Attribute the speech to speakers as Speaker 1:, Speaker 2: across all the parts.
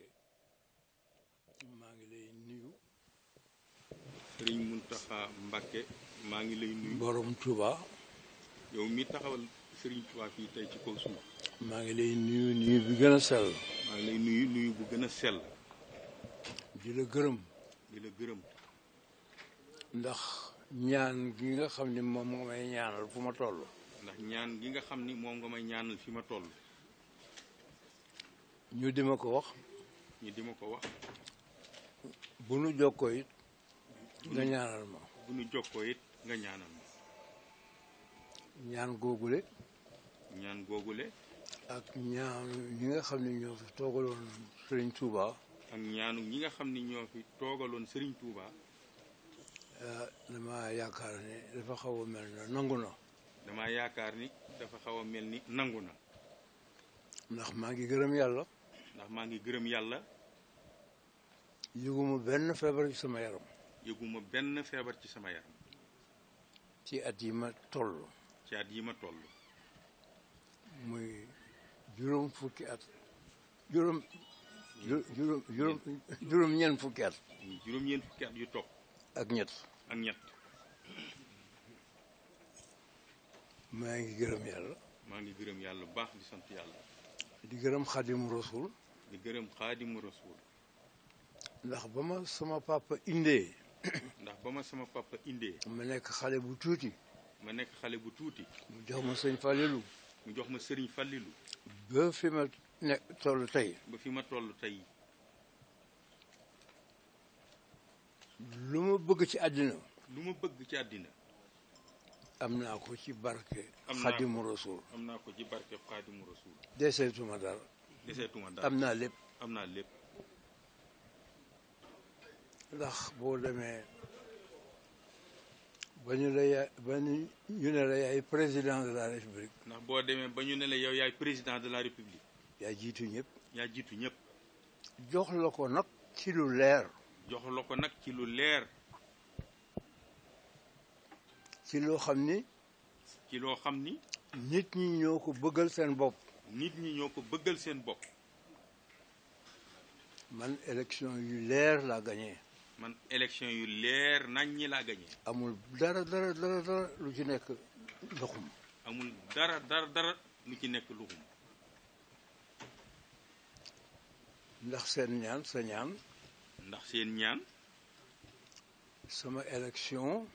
Speaker 1: Mbàkke
Speaker 2: maa ngi lay nuyu Sëriñ Muntaxa mbakke maa ngi lay nuyu borom Tuuba yow mi taxawal Sëriñ Tuuba fii tey ci kaw suuf
Speaker 1: maa ngi lay nuyu nuyu bi gën a sel
Speaker 2: maa ngi lay nuyu nuyu bu gën a sell di gërëm di la gërëm ndax
Speaker 1: ñaan gi nga xam ni moom nga may ñaanal fu ma toll ndax
Speaker 2: ñaan gi nga xam ni moom nga may ñaanal fi ma toll
Speaker 1: ñu di ma ko wax
Speaker 2: ñu di ma ko wax.
Speaker 1: bu nu jokkoo nga ñaanal
Speaker 2: ma. bu nu jokkoo it nga ñaan googule. ñaan googule.
Speaker 1: ak ñaanu ñi nga xam ne ñoo fi toogaloon Serigne
Speaker 2: ak ñaanu ñi nga xam ni ñoo fi toogaloon Serigne Touba. Ah, dama
Speaker 1: yaakaar ni dafa xaw a mel ni nangu na.
Speaker 2: dama yaakaar ni dafa xaw a mel ni nangu na.
Speaker 1: ndax maa ngi gërëm
Speaker 2: yàlla. ndax maa ngi gërëm yàlla.
Speaker 1: yëguma benn feebar ci sama yaram.
Speaker 2: yëguma benn feebar ci sama yaram. ci at yi ma toll. yi ma toll.
Speaker 1: muy juróom fukki at juróom. juróom juróom ñeent
Speaker 2: fukki at. yu topp. ak ñett. ak ñett.
Speaker 1: maa ngi gërëm yàlla.
Speaker 2: maa ngi gërëm yàlla bu baax di sant yàlla.
Speaker 1: di gërëm xadim rasul
Speaker 2: gërëm xaadimu rasul
Speaker 1: ndax ba ma sama papa indee.
Speaker 2: ndax ba ma sama papa indee. ma nekk xale bu tuuti. ma nekk xale bu tuuti. mu jox ma sëñ mu jox ma sëriñ Fallilou.
Speaker 1: ba fi ma ne toll tey.
Speaker 2: ba fi ma toll tey.
Speaker 1: lu ma bëgg ci àddina.
Speaker 2: lu ma bëgg ci àddina. am naa ko ci barke. xaadimu am naa ko ci barke xaadimu rasul.
Speaker 1: deseetuma dara.
Speaker 2: deseetuma am naa lépp am naa lépp
Speaker 1: ndax boo demee ba ñu la yaay ne la yaay président de la république
Speaker 2: ndax boo demee ba ñu ne la yow yaay président de la république yaa jiitu ñëpp yaa jiitu ñëpp
Speaker 1: jox la ko nag ci lu leer
Speaker 2: jox la ko nag ci lu leer ci loo xam ni ci loo xam ni
Speaker 1: nit ñi ñoo ko bëggal seen bopp nit ñi ñoo
Speaker 2: ko bëggal seen bopp.
Speaker 1: man élection yu leer laa gagné.
Speaker 2: man élection yu leer nañ ñi laa gagné. amul
Speaker 1: dara dara dara dara lu ci nekk luxum.
Speaker 2: amul dara dara dara lu ci nekk luxum.
Speaker 1: ndax seen ñaan sa ñaan.
Speaker 2: ndax seen ñaan.
Speaker 1: sama élection.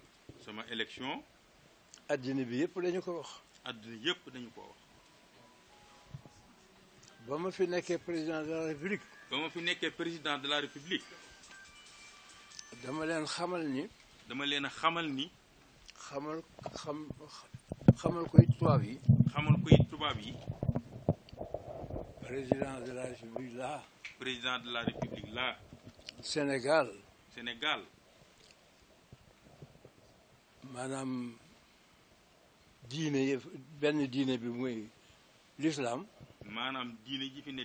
Speaker 2: sama élection. addina bi yëpp dañu ko wax. addina yëpp dañu ko wax.
Speaker 1: ba ma fi nekkee président de la république.
Speaker 2: ba ma fi nekkee président de la république. dama leen xamal ni. dama leen a xamal ni. xamal xam xamal ko it tubaab yi.
Speaker 1: xamal koy it tubaab yi. président de la république président
Speaker 2: de la Sénégal. Sénégal. maanaam diine benn diine bi muy l'islam maanaam diine ji fi ne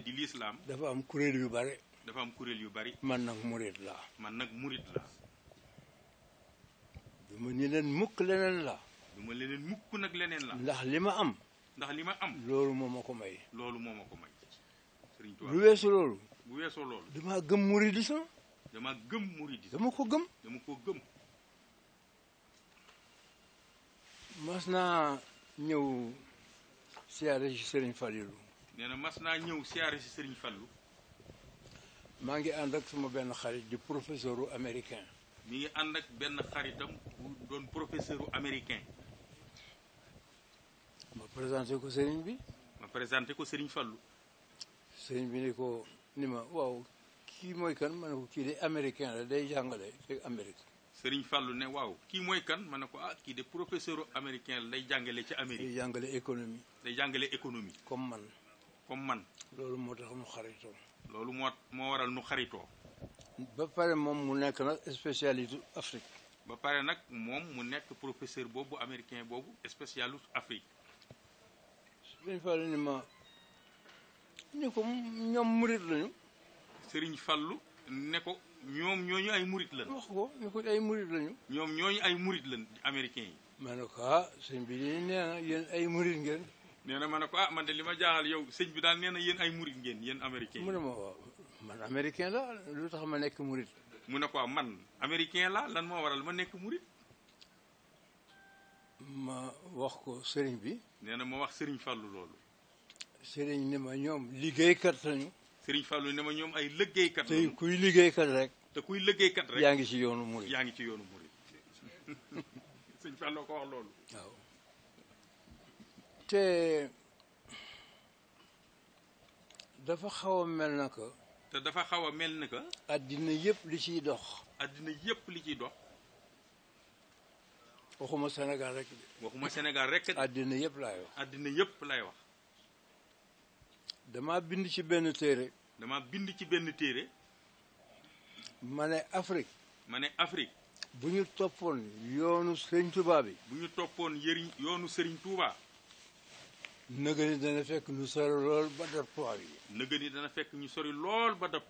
Speaker 2: dafa am kuréel yu bari dafa am kuréel yu bari man nag murit la man nag murit laa du ma ni leen mukk leneen la nag leneen la ndax li ma am ndax li ma am
Speaker 1: loolu moo ma ko may
Speaker 2: loolu moo ko may sëriñ lu weesu loolu bu weesoo loolu
Speaker 1: damaa gëm muridisme
Speaker 2: dama gëm muridisme dama ko gëm dama ko gëm
Speaker 1: mas naa ñëw siyaare ci sëriñ
Speaker 2: nee na mas naa ñëw siyaare si sëriñ Fallu
Speaker 1: maa ngi ànd ak suma benn xarit di professeuru américain
Speaker 2: mi ngi ànd ak benn xaritam bu doon professeuru américain
Speaker 1: ma présenté ko sëriñ bi
Speaker 2: ma présenté ko sëriñ Fallu
Speaker 1: sëriñ bi ni ko ni ma waaw kii mooy kan ma ne ko kii de américain la day jàngale te
Speaker 2: Amérique sëriñ Fallu ne waaw kii mooy kan ma ne ko ah kii de professeur américain lay day jàngale ci Amérique day
Speaker 1: jàngale économie
Speaker 2: day jàngale économie comme man comme man. loolu moo tax nu xaritoo. loolu moo moo waral nu xaritoo.
Speaker 1: ba pare moom mu nekk nag spécialiste Afrique.
Speaker 2: ba pare nag moom mu nekk professeur boobu américain boobu spécialiste Afrique. Sëriñ Fallu ni ma ni ko ñoom murit lañu. Sëriñ Fallu ne ko ñoom ñoo ñu ay murit lañu. wax ko ni ko ay murit lañu. ñoom ñooñu ay murit lañu américain yi. ma ne ko ah, bi nee na yéen ay murit ngeen. nee na ma ne ko ah man de li ma jaaxal yow sëñ bi daal nee na yéen ay murit ngeen yéen américain mu ne ma waaw man
Speaker 1: américain la lu tax ma nekk murit
Speaker 2: mu ne ko ah, man américain la lan moo waral ma nekk murit ma
Speaker 1: wax ko sëriñ bi
Speaker 2: nee na ma wax sëriñ Fàllu loolu
Speaker 1: sëriñ ni ma ñoom liggéeykat lañu
Speaker 2: sëriñ Fàllu ni ma ñoom ay liggéeykat lañu te kuy liggéeykat rek te kuy liggéeykat yaa ngi ci yoonu murit yaa ngi ci yoonu murit sëñ Fàllu ko wax loolu waaw
Speaker 1: te dafa xaw mel na ko
Speaker 2: te dafa xaw a mel na que.
Speaker 1: addina yëpp li ciy dox.
Speaker 2: àddina yëpp li ciy dox. waxuma Sénégal rek. waxuma Sénégal rek. addina yëpp laay wax. addina yëpp laay wax. dama bind ci benn téere. dama bind ci benn téere.
Speaker 1: ma ne Afrique.
Speaker 2: ma ne Afrique.
Speaker 1: bu ñu toppoon yoonu Serigne Touba bi.
Speaker 2: bu ñu toppoon yoonu Serigne Touba.
Speaker 1: nëgë ni dana fekk ñu sori lool ba dab tubaab
Speaker 2: yi. dana fekk ñu sori lool ba dab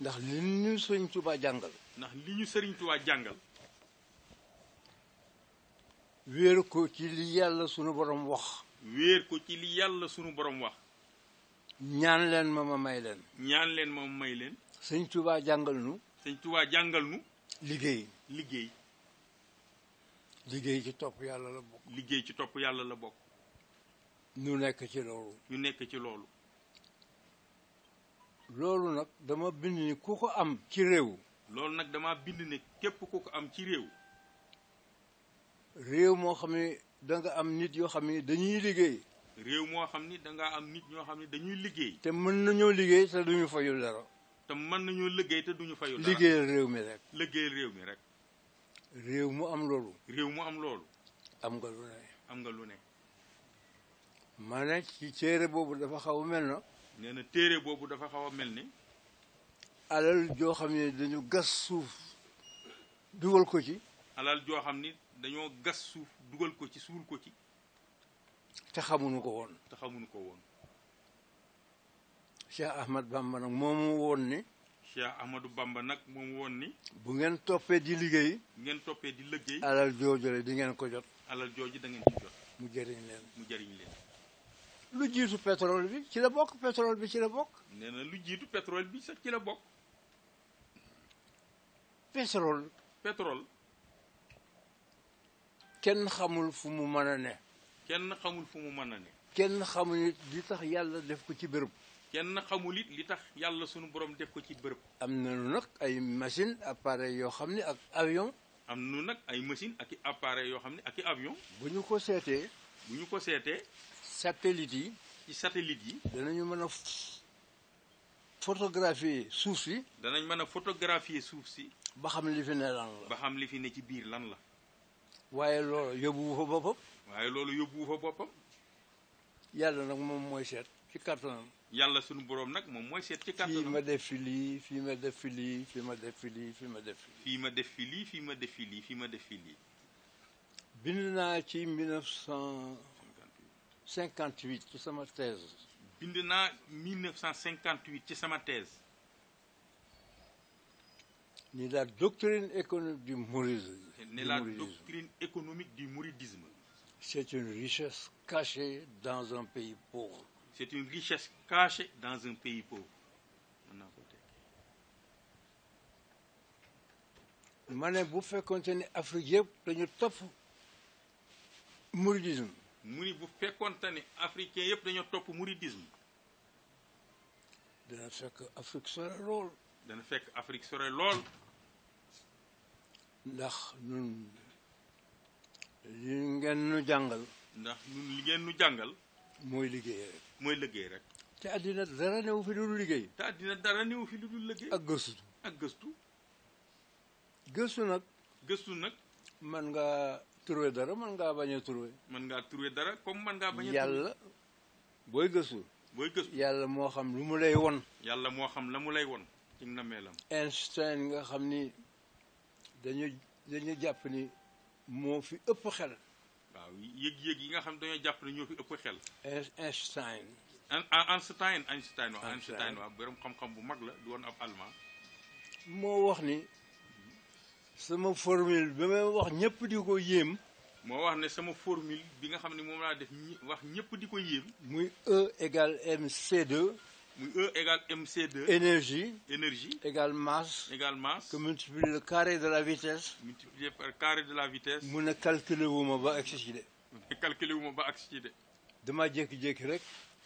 Speaker 1: ndax li ñu sëriñ Tuubaa jàngal.
Speaker 2: ndax li ñu sëriñ jàngal.
Speaker 1: wéer ko ci li yàlla wax. wéer ko ci li
Speaker 2: yàlla sunu borom wax.
Speaker 1: ñaan leen leen.
Speaker 2: ñaan leen ma may leen.
Speaker 1: sëñ Tuubaa jàngal nu.
Speaker 2: jàngal liggéey liggéey.
Speaker 1: liggéey ci topp
Speaker 2: yàlla la bokk. liggéey ci topp yàlla la bokk. ñu nekk ci loolu. ñu nekk ci loolu.
Speaker 1: loolu nag dama bind ni ku ko am ci réew.
Speaker 2: loolu nag dama bind ne képp ku ko am ci réew.
Speaker 1: réew moo xam ne da nga am nit yoo xam ne dañuy liggéey.
Speaker 2: réew moo xam ni da ngaa am nit ñoo xam ne dañuy liggéey.
Speaker 1: te mën nañoo liggéey te duñu fayu dara.
Speaker 2: te mën nañoo liggéey te duñu fayu dara liggéeyal réew mi rek. liggéeyal réew mi rek. réew mu am loolu. réew mu am loolu. am nga lu ne. am nga lu ne. ma ne ci téere boobu dafa xaw a mel na nee téere boobu dafa xaw a mel ni
Speaker 1: alal joo xam ne dañu gas suuf dugal ko ci
Speaker 2: alal joo xam ni dañoo gas suuf dugal ko ci suul ko ci
Speaker 1: te xamuñu ko woon
Speaker 2: te xamuñu ko woon
Speaker 1: Cheikh Ahmad Bamba nag moomu woon ni
Speaker 2: Cheikh Ahmadou Bamba nag moom woon ni
Speaker 1: bu ngeen toppee di liggéey
Speaker 2: ngeen toppee di liggéey alal jooju la di ngeen ko jot alal jooju dangeen ngeen jot mu jëriñ mu jëriñ leen
Speaker 1: lu jiitu pétrole bi ci la bokk pétrole bi ci la bokk.
Speaker 2: nee na lu jiitu pétrole bi sax ci la bokk. pétrole.
Speaker 1: kenn xamul fu mu mën a ne.
Speaker 2: kenn xamul fu mu mën a ne.
Speaker 1: kenn xamul it li tax yàlla def ko ci bërëb.
Speaker 2: kenn xamul it li tax yàlla sunu borom def ko ci bërëb.
Speaker 1: am nañu nag ay machine appareil yoo xam ne ak avion.
Speaker 2: am nañu nag ay machine ak i yoo xam ne ak i avion. bu
Speaker 1: ñu ko seetee.
Speaker 2: bu ñu ko seetee.
Speaker 1: satellite yi. ci satellite yi. danañu mën a photographier suuf
Speaker 2: si. danañ mën a photographier suuf si. ba xam li fi ne lan la. ba xam li fi ne ci biir lan la. waaye loolu yóbbuwu fa boppam. waaye loolu yóbbuwu fa boppam.
Speaker 1: yàlla nag moom mooy seet ci kattanam.
Speaker 2: yàlla sunu boroom nag moom mooy seet ci kattanam. fii ma def
Speaker 1: fi lii fii ma def fi lii fii ma def fi lii fii ma def fi
Speaker 2: lii. fii ma def lii fii ma def lii fii ma def fi
Speaker 1: bind naa ci 1900. 58
Speaker 2: ci ci sama thèse.
Speaker 1: ni la doctrine économique du mouridisme. ni la doctrine
Speaker 2: économique du mouridisme.
Speaker 1: c'est une richesse cachée dans un
Speaker 2: pays pauvre. c'est une richesse cachée dans un pays pauvre.
Speaker 1: ma ne bu fekkoonte ne Afrique yëpp dañu topp
Speaker 2: mu ni bu fekkoonte ne africain yëpp dañoo topp mouridisme dana fekk Afrique sore lool dana fekk Afrique sore lool ndax ñun
Speaker 1: li ngeen nu jàngal
Speaker 2: ndax ñun li ngeen nu jàngal mooy liggéey rek mooy liggéey rek
Speaker 1: te àddina dara newu fi lu dul liggéey
Speaker 2: te àddina dara newu fi lu dul liggéey ak gëstu ak nag gëstu nag man
Speaker 1: nga trouvé dara man ngaa bañ a trouvé.
Speaker 2: mën ngaa trouvé dara comme mën ngaa bañ yàlla
Speaker 1: booy gësu booy gëstu yàlla moo xam lu mu lay won.
Speaker 2: yàlla moo xam la mu lay won. ci na lam
Speaker 1: Einstein nga xam ni dañu dañu jàpp ni moo fi ëpp xel.
Speaker 2: waaw yëg-yëg yi nga xam dañoo jàpp ne ñoo fi ëpp xel. Einstein. Ah, Einstein Einstein waaw Einstein waaw borom xam-xam bu mag la du woon ab allemand.
Speaker 1: moo wax ni. sama formule bi ma wax ñëpp di ko yéem.
Speaker 2: moo wax ne sama formule bi nga xam ne moom laa def wax ñëpp di ko yéem.
Speaker 1: muy E égal mc
Speaker 2: muy E égale mc énergie. énergie
Speaker 1: égale masse. que multiplie le carré de la vitesse.
Speaker 2: multiplié par carré de la mun
Speaker 1: a calculer wu ma ba agsi ci de.
Speaker 2: calculer wu ma ba agsi
Speaker 1: damaa jékki
Speaker 2: rek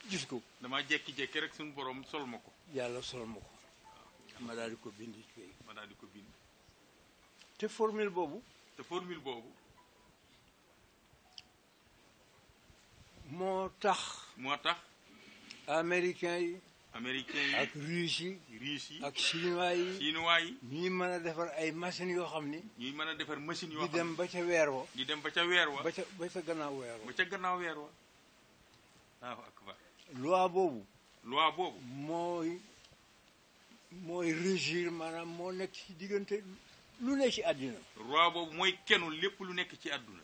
Speaker 2: gis ko. damaa jékki-jékki rek suñu borom sol ma ko.
Speaker 1: yàlla sol ma ko.
Speaker 2: ma daal di ko bind. di ko bind. te formil boobu. te formil boobu.
Speaker 1: moo tax.
Speaker 2: moo tax. américains yi. américains ak russe yi. russe yi ak chinois yi. chinois yi. ñuy mën a defar ay machines yoo xam ni. ñuy mën a defar machines yoo xam ni di dem ba ca weer wa. di dem ba ca weer wa. a ca ba ca gannaaw weer wa. ba ca gannaaw weer wa. waaw akbar. loi boobu. loi boobu. mooy mooy
Speaker 1: régir maanaam moo nekk ci diggante. lu ne ci àdduna
Speaker 2: roi boobu mooy kenu lépp lu nekk ci àdduna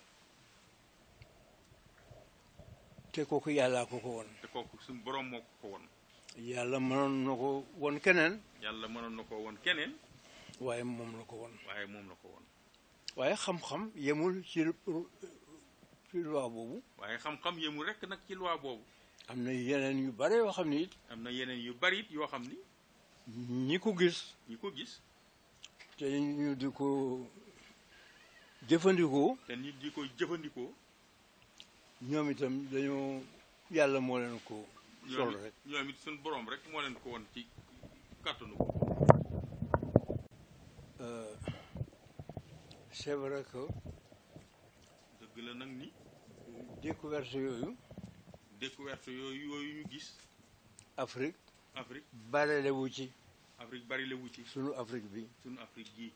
Speaker 1: te kooku yàllaa ko ko
Speaker 2: won te kooku suñu borom moo ko ko won
Speaker 1: yàlla mënoon na ko won keneen
Speaker 2: yàlla mënoon na ko won keneen
Speaker 1: waaye moom la
Speaker 2: ko won waaye moom la ko won
Speaker 1: waaye xam-xam yemul ci ci loi boobu
Speaker 2: waaye xam-xam yemul rek nag ci loi boobu am na yeneen yu bare yoo xam ni am na yeneen yu bari it yoo xam ni
Speaker 1: ñi ko gis ñi ko gis te ñu di ko jëfandikoo.
Speaker 2: te nit di ko jëfandikoo.
Speaker 1: ñoom itam dañoo yàlla moo
Speaker 2: leen ko. sol rek borom rek moo leen ko woon ci kàttanu ko. Euh, c'est vrai dëgg la nag ni.
Speaker 1: découverte yooyu.
Speaker 2: découverte yooyu yooyu ñu gis. Afrique. Afrique
Speaker 1: barelewu ci. Afrique bari la wuti. sunu Afrique bi. sunu Afrique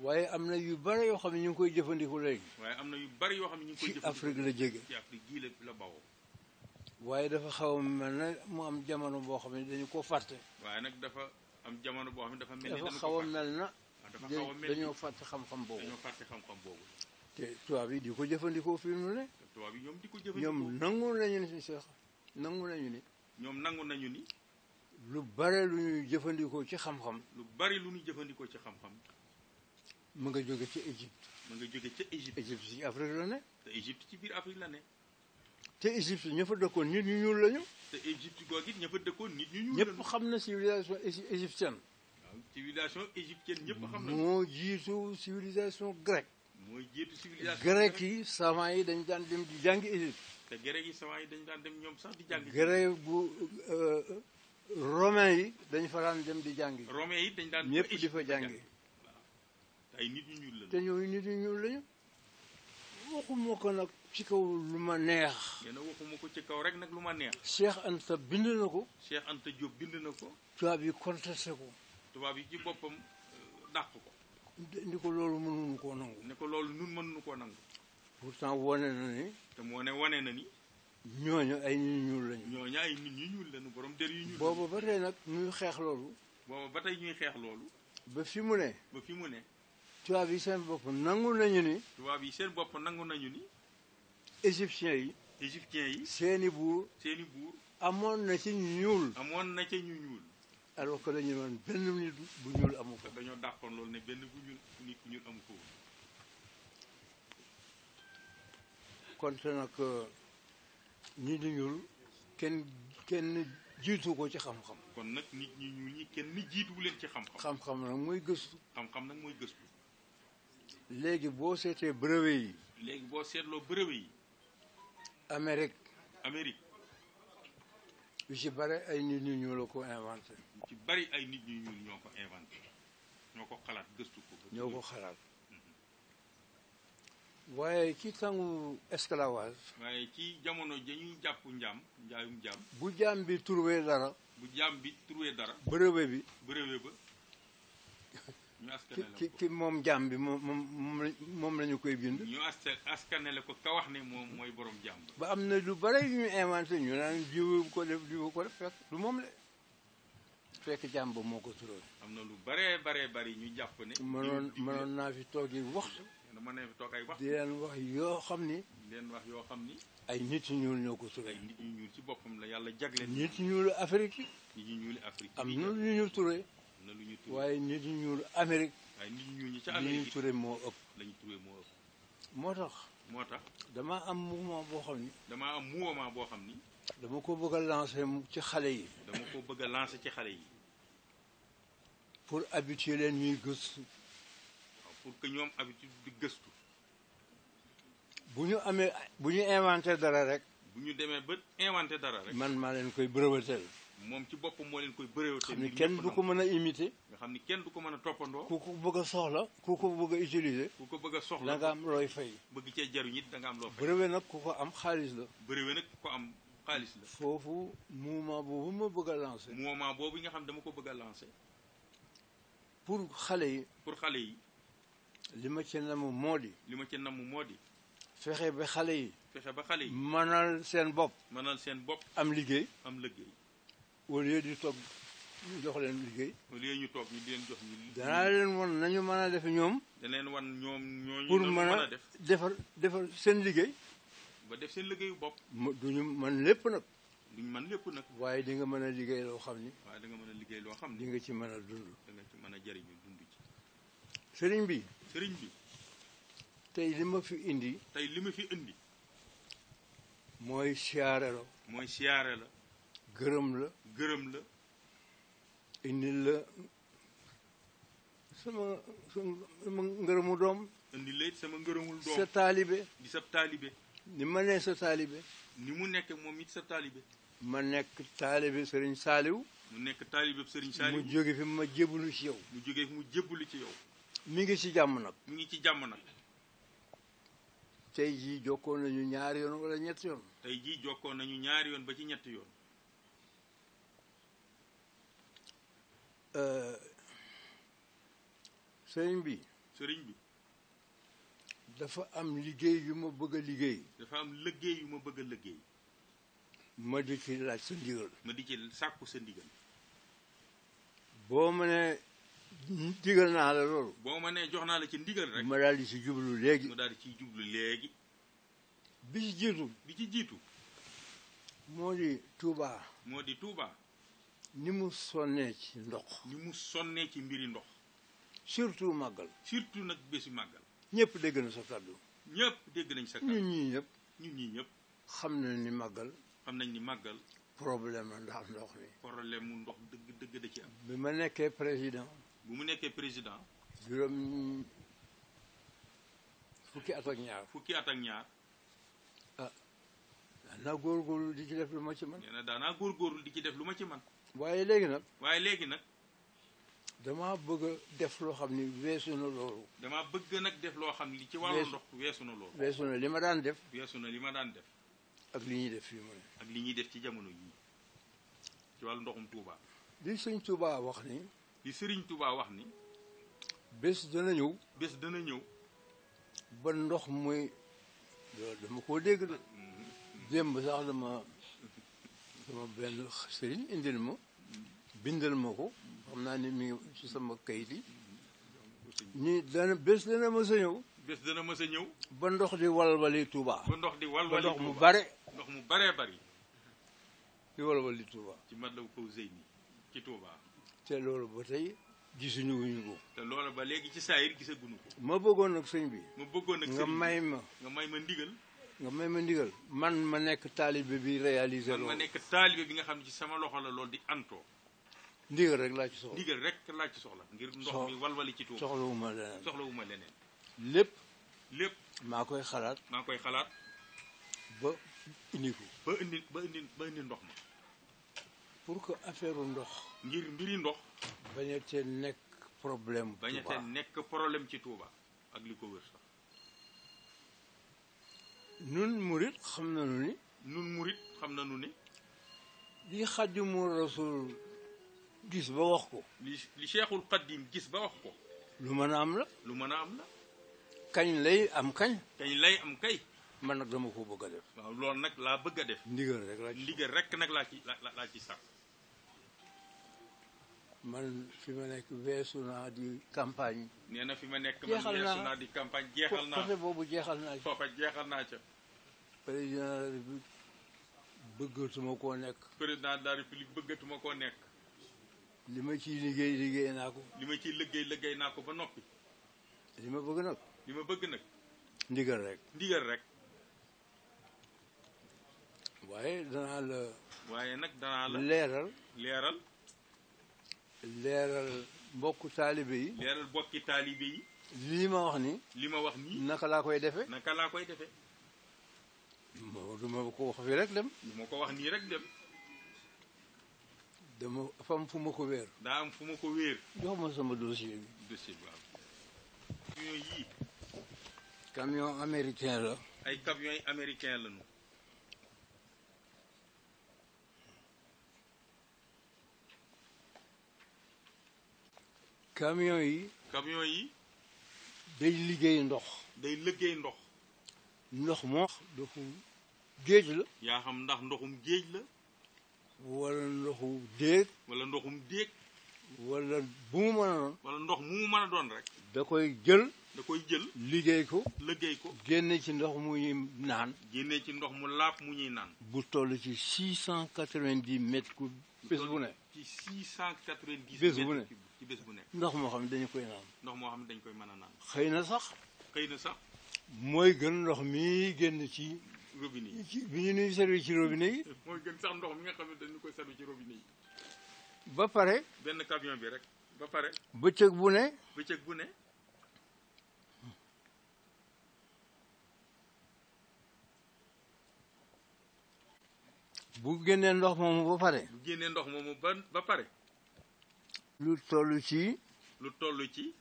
Speaker 1: waaye am na yu bari yoo xam ne ñu ngi koy jëfandiku léegi.
Speaker 2: waaye am na yu bari yoo xam ne ñu ngi koy jëfandiku ci Afrique la jege. ci Afrique gii la la bawoo.
Speaker 1: waaye dafa xaw a mel na mu am jamono boo xam ne dañu ko fàtte.
Speaker 2: waaye nag dafa am jamono boo xam ne dafa mel ni dafa a mel na. Ah, dafa xaw dañoo fàtte xam-xam boobu. dañoo fàtte xam boobu.
Speaker 1: te tubaab yi di ko jëfandikoo fi mu ne. ñoom di ko jëfandikoo ñoom nangu nañu ni sax
Speaker 2: nangu nañu ni. ñoom nangu nañu ni. lu bare lu ñuy jëfandikoo ci xam-xam. lu bare lu ñuy jëfandikoo ci xam-xam.
Speaker 1: mu nga jóge ci Égypte.
Speaker 2: mu nga jóge ca Égypte. Égypte ci Afrique la ne. ci biir Afrique la ne.
Speaker 1: te Égypte ña fa dëkkoon nit ñu ñuul lañu.
Speaker 2: te Égypte googu it ña fa dëkkoon nit ñu ñuul lañu. ñëpp
Speaker 1: xam na civilisation égyptienne.
Speaker 2: waaw xam na. moo
Speaker 1: jiitu civilisation grecque.
Speaker 2: mooy jiitu civilisation grec
Speaker 1: yi savant yi dañu daan dem di jàngi
Speaker 2: te grec yi savant yi dañu daan dem ñoom sax di jàngi. grec
Speaker 1: bu. Euh, romain yi dañu fa daan dem di jàngi. romain yi
Speaker 2: dañ daan ñëpp di fa jàngi. ay nit ñu ñuul lañu te
Speaker 1: ñooñu nit ñu ñuul lañu. waxuma ko nag ci kaw lu ma neex.
Speaker 2: yéen ko ci kaw rek nag lu ma neex.
Speaker 1: Cheikh Anta bind na ko.
Speaker 2: Cheikh Anta Diop bind na ko.
Speaker 1: tubaab yi contesté ko.
Speaker 2: tubaab yi ci boppam euh, dàq ko. ndi ko loolu mënuñu koo nangu. ne ko loolu nun mënuñu koo nangu.
Speaker 1: pourtant wane na ni.
Speaker 2: te mu wane na ni.
Speaker 1: ñooñu ay ñu ñuul
Speaker 2: lañu. ñooñu ay nit ñu ñuul borom der yu ñuul. boobu
Speaker 1: ba tey nag ñuy xeex loolu.
Speaker 2: ba tey ñuy xeex loolu. ba fi mu ne. ba fi mu ne.
Speaker 1: tubaab yi seen bopp nangu nañu ni.
Speaker 2: tubaab yi seen bopp nangu nañu ni.
Speaker 1: égyptiens yi. égyptiens yi. seeni buur. seeni buur. amoon na ci ñu ñuul.
Speaker 2: amoon na ci ñu ñuul.
Speaker 1: alors que dañu doon benn
Speaker 2: bu ñuul amu ko. dañoo dàqoon loolu ne benn bu ñuul nit bu amu ko
Speaker 1: woon. nag. Euh, nit ñu ñuul kenn kenn jiitu ko ci xam-xam. kon nag
Speaker 2: nit ñi ñuul ñi kenn jiitu leen ci xam-xam. xam nag mooy gëstu. xam-xam mooy gëstu.
Speaker 1: léegi boo seetee brevet yi.
Speaker 2: léegi boo seetloo brevet yi. Amérique. Amérique.
Speaker 1: yu ci bare ay nit ñu ñuul ko inventé. yu
Speaker 2: ci bari ay nit ñu ñuul ko inventé ñoo ko xalaat gëstu ko. ñoo ko xalaat.
Speaker 1: waaye ci sangu esclavage.
Speaker 2: waaye ci jamono ja ñu jàpp njaam njaayum
Speaker 1: bu jaam bi trouvé dara.
Speaker 2: bu jaam bi trouvé dara. brevet bi. brevet ba ñu
Speaker 1: ci ci moom jaam bi moom lañu moom la ñu koy bind. ñu
Speaker 2: askanale ko ka wax ne moom mooy borom jaam.
Speaker 1: ba am na lu bare yu ñu inventé ñu naan jiwu ko ko def fekk du moom la fekk jaam ba moo ko trouvé. am na lu
Speaker 2: bare bare bari ñu jàpp ne. mënoon mënoon
Speaker 1: naa fi toog wax
Speaker 2: dama ne fi toog ay wax. di leen wax yoo xam ni. di wax yoo xam ni.
Speaker 1: ay nit ñu ñuul ñoo ko ture.
Speaker 2: ay nit ñu ci boppam la yàlla jagleel. nit ñu ñuul Afrique. nit ñu ñuul Afrique. am na
Speaker 1: lu ñu ture.
Speaker 2: am na lu ñu
Speaker 1: waaye nit ñu ñuul Amérique. waaye nit ñu ñuul ñi ca Amérique li ñu ture moo ëpp.
Speaker 2: la ñu ture moo ëpp.
Speaker 1: moo tax. moo tax damaa am mouvement boo xam ni. damaa am mouvement boo xam ni. dama ko bëgg a lancer ci xale yi.
Speaker 2: dama ko bëgg a lancer ci xale yi.
Speaker 1: pour habituer ñuy gëstu.
Speaker 2: pour que ñoom habitude di gëstu.
Speaker 1: bu ñu amee bu ñu inventé dara rek.
Speaker 2: bu ñu demee ba inventé dara rek. man
Speaker 1: maa leen koy bërëwatal.
Speaker 2: moom ci boppam moo leen koy bërëwatal. xam kenn du ko mën a imité. nga xam ni kenn du ko mën a toppandoo. ku
Speaker 1: ko bëgg a soxla. ku ko bëgg a utiliser.
Speaker 2: ko bëgg a soxla da nga am looy fay. bëgg cee jaruñ it da nga am loo fay. bërëwe nag ko ko am xaalis la. bërëwe nag ku ko am xaalis la. foofu mouvement boobu ma bëgg a lancé. mouvement boobu nga xam dama ko bëgg a lancé. pour xale pour xale yi.
Speaker 1: li ma ci namu moo di li ma ci namu moo di fexe ba xale yi fexe ba xale yi mënal seen bopp mënal seen bopp am
Speaker 2: liggéey am liggéey au lieu di toog jox leen liggéey au lieu ñu toog ñu di leen jox ñu danaa
Speaker 1: leen wan nañu mën a def ñoom
Speaker 2: dana wan ñoom ñooñu pour mën a def
Speaker 1: defar defar seen liggéey
Speaker 2: ba def seen liggéeyu bopp
Speaker 1: duñu mën lépp nag duñu mën lépp nag waaye di nga mën a liggéey loo xam ni waaye di nga mën a liggéey loo xam ni di nga ci mën a dund da nga
Speaker 2: mën a jëriñu dund sëriñ bi. sëriñ bi. tey li ma fi indi. tey li ma fi indi. mooy siyaare la. mooy siyaare la.
Speaker 1: gërëm la. gërëm la. indi la sama sama ngërëmu doom.
Speaker 2: indi la it sama ngërëmul doom. sa taalibe. di sa taalibe.
Speaker 1: ni ma nee sa taalibe.
Speaker 2: ni mu nekk moom it sa taalibe.
Speaker 1: ma nekk taalibe sëriñ Saaliw.
Speaker 2: mu nekk taalibe sëriñ Saaliw. mu jóge fi ma jébbalu ci yow. mu jóge fi mu jébbalu ci yow.
Speaker 1: mi ngi ci jàmm nag.
Speaker 2: mi ngi ci jàmm nag.
Speaker 1: tey jii jokkoon nañu ñaari yoon wala ñetti yoon.
Speaker 2: tey jii jokkoon nañu ñaari yoon ba ci ñetti yoon. sëriñ bi. sëriñ bi.
Speaker 1: dafa am liggéey yu ma bëgg a liggéey.
Speaker 2: dafa am liggéey yu ma bëgg a liggéey. ma di ci laaj sa ndigal. ma di ci sàkku sa ndigal. boo ma ne digal naa la loolu. boo ma nee jox naa la ci ndigal rek. ma daal si jublu léegi. ma daal di ciy jublu léegi. bi ci jiitu. bi ci jiitu. moo di Touba. moo di Touba. ni mu sonnee ci ndox. ni mu sonnee ci mbiri ndox. surtout màggal. surtout nag bési màggal. ñëpp dégg na sa kàddu. ñëpp dégg nañ sa kàddu ñun ñii ñëpp. ñun ñii ñëpp. xam nañ ñu màggal. xam nañ ni màggal. problème la ndax ndox mi. problème mu ndox dëgg dëgg da ci am.
Speaker 1: bi ma nekkee président.
Speaker 2: bu mu nekkee président.
Speaker 1: juróom
Speaker 2: fukki at ak ñaar. fukki at ak ñaar.
Speaker 1: ah daanaa góorgóorlu di ci def lu ci man
Speaker 2: nee na daanaa góorgóorlu di ci def lu ma ci man
Speaker 1: waaye léegi nag. waaye léegi nag. dama bëgg def loo xam ni weesu na loolu.
Speaker 2: damaa bëgg nag def loo xam ni ci wàllu ndox weesu na loolu. weesu
Speaker 1: na li ma daan def.
Speaker 2: weesu na li ma daan def. ak li ñuy def fii mu ak li ñuy def ci jamono yii ci wàllu ndoxum Touba.
Speaker 1: li sëñ Touba wax ni.
Speaker 2: li sëriñ Touba wax ni. bés dana ñëw. bés dana ñëw. ba
Speaker 1: ndox muy dama koo dégg de démb sax dama dama benn Serigne indil ma bindal ma ko xam naa ni mi ngi ci sama kayit yi. ñi dana bés dana mës a ñëw.
Speaker 2: bés dana mës ñëw.
Speaker 1: ba ndox di walwali Touba. ba ndox di walwali Touba ndox mu bare.
Speaker 2: ndox mu baree bari. di ci Matlaboul Fawzayni ci
Speaker 1: te loolu ba tey gisuñu wuñu ko.
Speaker 2: te loolu ba léegi ci saayir gisaguñu ko.
Speaker 1: ma bëggoon nag sëñ bi.
Speaker 2: ma bëggoon nag sëñ bi nga may ma. nga may ma ndigal.
Speaker 1: nga may ma ndigal man ma nekk taalibe bi réaliser loolu. ma nekk
Speaker 2: taalibe bi nga xam ne ci sama loxo la loolu di antoo.
Speaker 1: ndigal rek laa ci soxla ndigal
Speaker 2: rek laa ci soxla. ngir ndox mi walwali ci tuub soxlawuma leneen soxlawuma leneen. lépp. lépp
Speaker 1: maa koy xalaat. maa koy xalaat. ba indi ko.
Speaker 2: ba ba indi ba indi ndox
Speaker 1: ma. pour que affaire ndox. ngir mbiri ndox. bañ a te nekk problème. bañ
Speaker 2: ci Touba ak li ko wër
Speaker 1: nun murit xam nañu ni. nun murit xam nañu ni. li Xaadimu Rasuul gis ba wax ko. li li Cheikhul
Speaker 2: gis ba wax ko. lu mën a am lu mën a am la. kañ lay am kañ. kañ lay am kay. man nag dama ko bëgg a def. waaw loolu nag laa bëgg a def. ndigal rek laa ci rek nag laa ci laa ci sax.
Speaker 1: man fi ma nekk weesu naa di campagne.
Speaker 2: nee na fi ma nekk man weesu naa di campagne jeexal naa côté boobu jeexal naa ci. foofa jeexal naa ca.
Speaker 1: président de la république koo nekk.
Speaker 2: président de bëggatuma koo nekk.
Speaker 1: li ma ciy liggéey liggéey
Speaker 2: naa ko. li ma ciy liggéey liggéey naa ko ba noppi. li ma bëgg nag. li ma bëgg nag.
Speaker 1: ndigal rek. rek. waaye danaa la.
Speaker 2: nag danaa leeral. leeral.
Speaker 1: leeral mbokku taalibe yi.
Speaker 2: leeral mbokki taalibe yi.
Speaker 1: lii ma wax ni li ma wax nii. naka laa koy defee. naka laa koy defee. moo du ma ko wax fii rek dem.
Speaker 2: du ma ko wax nii rek dem.
Speaker 1: dama fa am fu ma ko wéer. daa am
Speaker 2: fu ma ko wéer.
Speaker 1: jox ma sama dossier bi. camion américain la.
Speaker 2: ay camions américain la
Speaker 1: camion yi. camion yi. day liggéeyu ndox. day liggéey ndox.
Speaker 2: ndox moo ndoxum géej la. yaa xam ndax ndoxum géej la. wala ndoxu wala ndoxum déeg. wala bu mu mën doon. wala ndox mu mu mën doon rek.
Speaker 1: da koy jël.
Speaker 2: da koy jël. liggéey ko. liggéey ko
Speaker 1: génne ci ndox mu ñuy naan.
Speaker 2: génne ci ndox mu laap mu ñuy naan.
Speaker 1: bu toll ci six cent quatre-vingt-dix mètres cubes. bés bu ne
Speaker 2: ci six cent bés bu ne. ci bés bu ndox moo xam ne dañu koy naan. ndox moo xam ne dañ koy man a naan. xëy na sax. xëy na sax.
Speaker 1: mooy gën ndox mi génn ci. robinet yi ci bi ñu nuy servi ci yi.
Speaker 2: mooy gën sax ndox mi nga xam ne dañu koy servi ci robinet yi. ba pare. benn camion bi rek ba pare.
Speaker 1: bëccëg bu ne. bëccëg bu ne. bu génnee ndox moomu ba pare. bu
Speaker 2: génnee ndox moomu ba pare.
Speaker 1: lu toll ci.
Speaker 2: lu toll ci.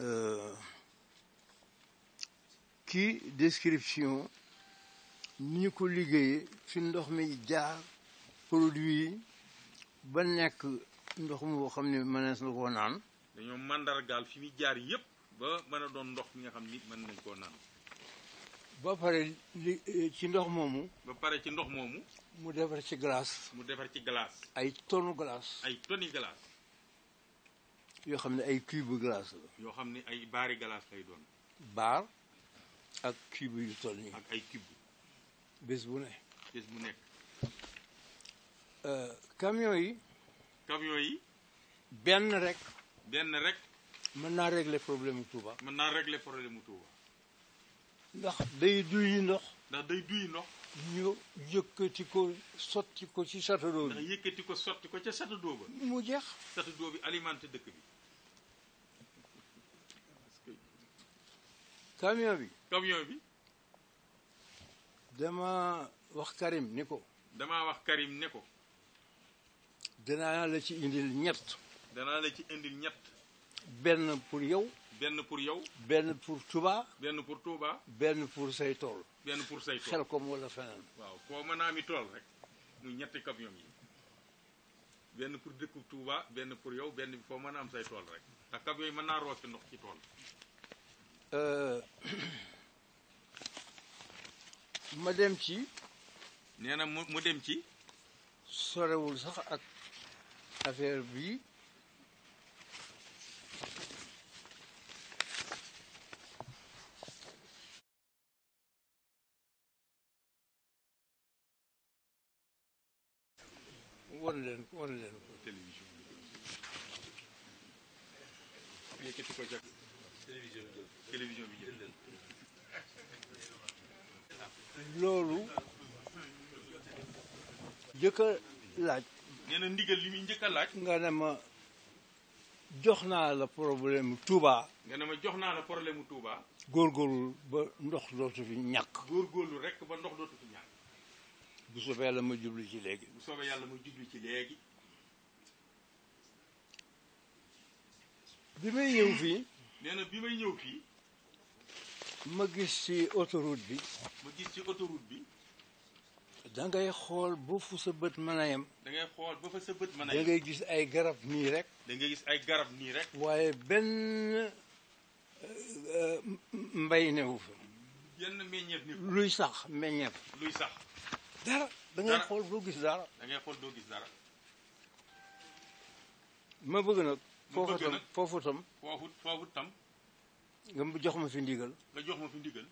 Speaker 1: Euh, ci description ni ñu ko liggéeyee fi ndox mi jaar produit yi ba nekk ndox moo xam ne mënees na koo naan.
Speaker 2: dañoo màndargaal fi muy jaar yépp ba mën a doon ndox mi nga xam ni mën nañ koo naan.
Speaker 1: ba pare li ndox moomu.
Speaker 2: ba pare ci ndox moomu.
Speaker 1: mu defar ci glace.
Speaker 2: mu defar ci glace. ay tonu glace. ay toni glace.
Speaker 1: yoo xam ne ay cube glace
Speaker 2: la. yoo xam ne ay baari glace lay doon. baar ak cube yu toll nii. ak ay cube. bés bu ne. bés bu nekk. Euh, camion yi. camion yi. benn rek. benn rek.
Speaker 1: mën naa régle
Speaker 2: problème mu Touba. mën naa régler problème mu Touba.
Speaker 1: ndax day duy ndox.
Speaker 2: ndax day duy ndox. ñu yëkkati ko sotti ko ci château bi. ndax yëkkati ko sotti ko ca château ba. mu jeex. château bi alimenté dëkk bi. camion bi. camion
Speaker 1: dama wax Karim ni ko.
Speaker 2: damaa wax Karim ne ko.
Speaker 1: danaa la ci indil ñett.
Speaker 2: danaa la ci indil ñett.
Speaker 1: benn pour yow. benn pour yow. benn pour Touba.
Speaker 2: benn pour Touba.
Speaker 1: benn pour say tool.
Speaker 2: benn pour say tool xel kom wala feneen. waaw koo mën a ami tool rek muy ñetti camion yi benn pour dëkku tuuba benn pour yow benn bi foo mën a am say tool rek ndax camion yi mën naa si ndox ci tool.
Speaker 1: Euh, ma dem ci.
Speaker 2: nee mu dem ci.
Speaker 1: sorewul sax ak affaire bi.
Speaker 3: leen ko leen ko. télévision bi yëkkati leen
Speaker 1: loolu njëkk a laaj. nee ndigal li muy njëkk laaj. nga ne jox naa la problème mu Touba.
Speaker 2: nga ne ma jox naa la problème mu góor
Speaker 1: góorgóorlu ba ndox dootu fi ñàkk.
Speaker 2: góorgóorlu rek ba ndox dootu fi ñàkk.
Speaker 1: bu soobee yàlla ma jublu ci léegi. bu
Speaker 2: soobee yàlla jublu ci léegi.
Speaker 1: bi may ñëw fii.
Speaker 2: nee bi may ñëw fii.
Speaker 1: ma gis ci autoroute bi.
Speaker 2: ma gis ci autoroute bi.
Speaker 1: da xool ba fu sa bët mën a
Speaker 2: xool ba fa sa bët mën a ngay
Speaker 1: gis ay garab nii rek.
Speaker 2: da gis ay garab nii rek.
Speaker 1: waaye benn
Speaker 2: eh,
Speaker 1: mbay newu fa.
Speaker 2: yenn meññeef ni
Speaker 1: luy sax meññeef.
Speaker 2: luy sax. dara da ngay xool doo gis dara. da ngay xool doo gis dara.
Speaker 1: ma bëgg nag. foofu tam
Speaker 2: foofu
Speaker 1: nga jox ma fi ndigal. jox ma fi ndigal.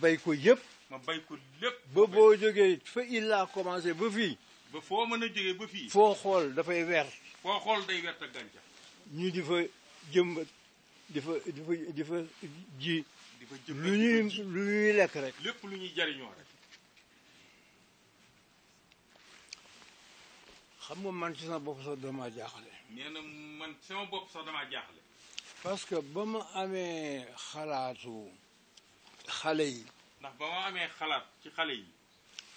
Speaker 1: bay ko yëpp. ma bay lépp. ba boo jógee fa il laa ba fii. ba foo mën a jógee ba fii. foo xool dafay weer.
Speaker 2: foo xool day wert
Speaker 1: ñu di fa jëmbat di fa di fa di fa ji. di fa lu ñuy lu ñuy lekk rek. lépp lu ñuy jariñoo rek. xam nga man ci sama bopp sax damaa jaaxle.
Speaker 2: man sama bopp sax damaa jaaxle.
Speaker 1: parce que ba ma amee xalaatu xale yi.
Speaker 2: ndax ba ma amee xalaat ci xale yi.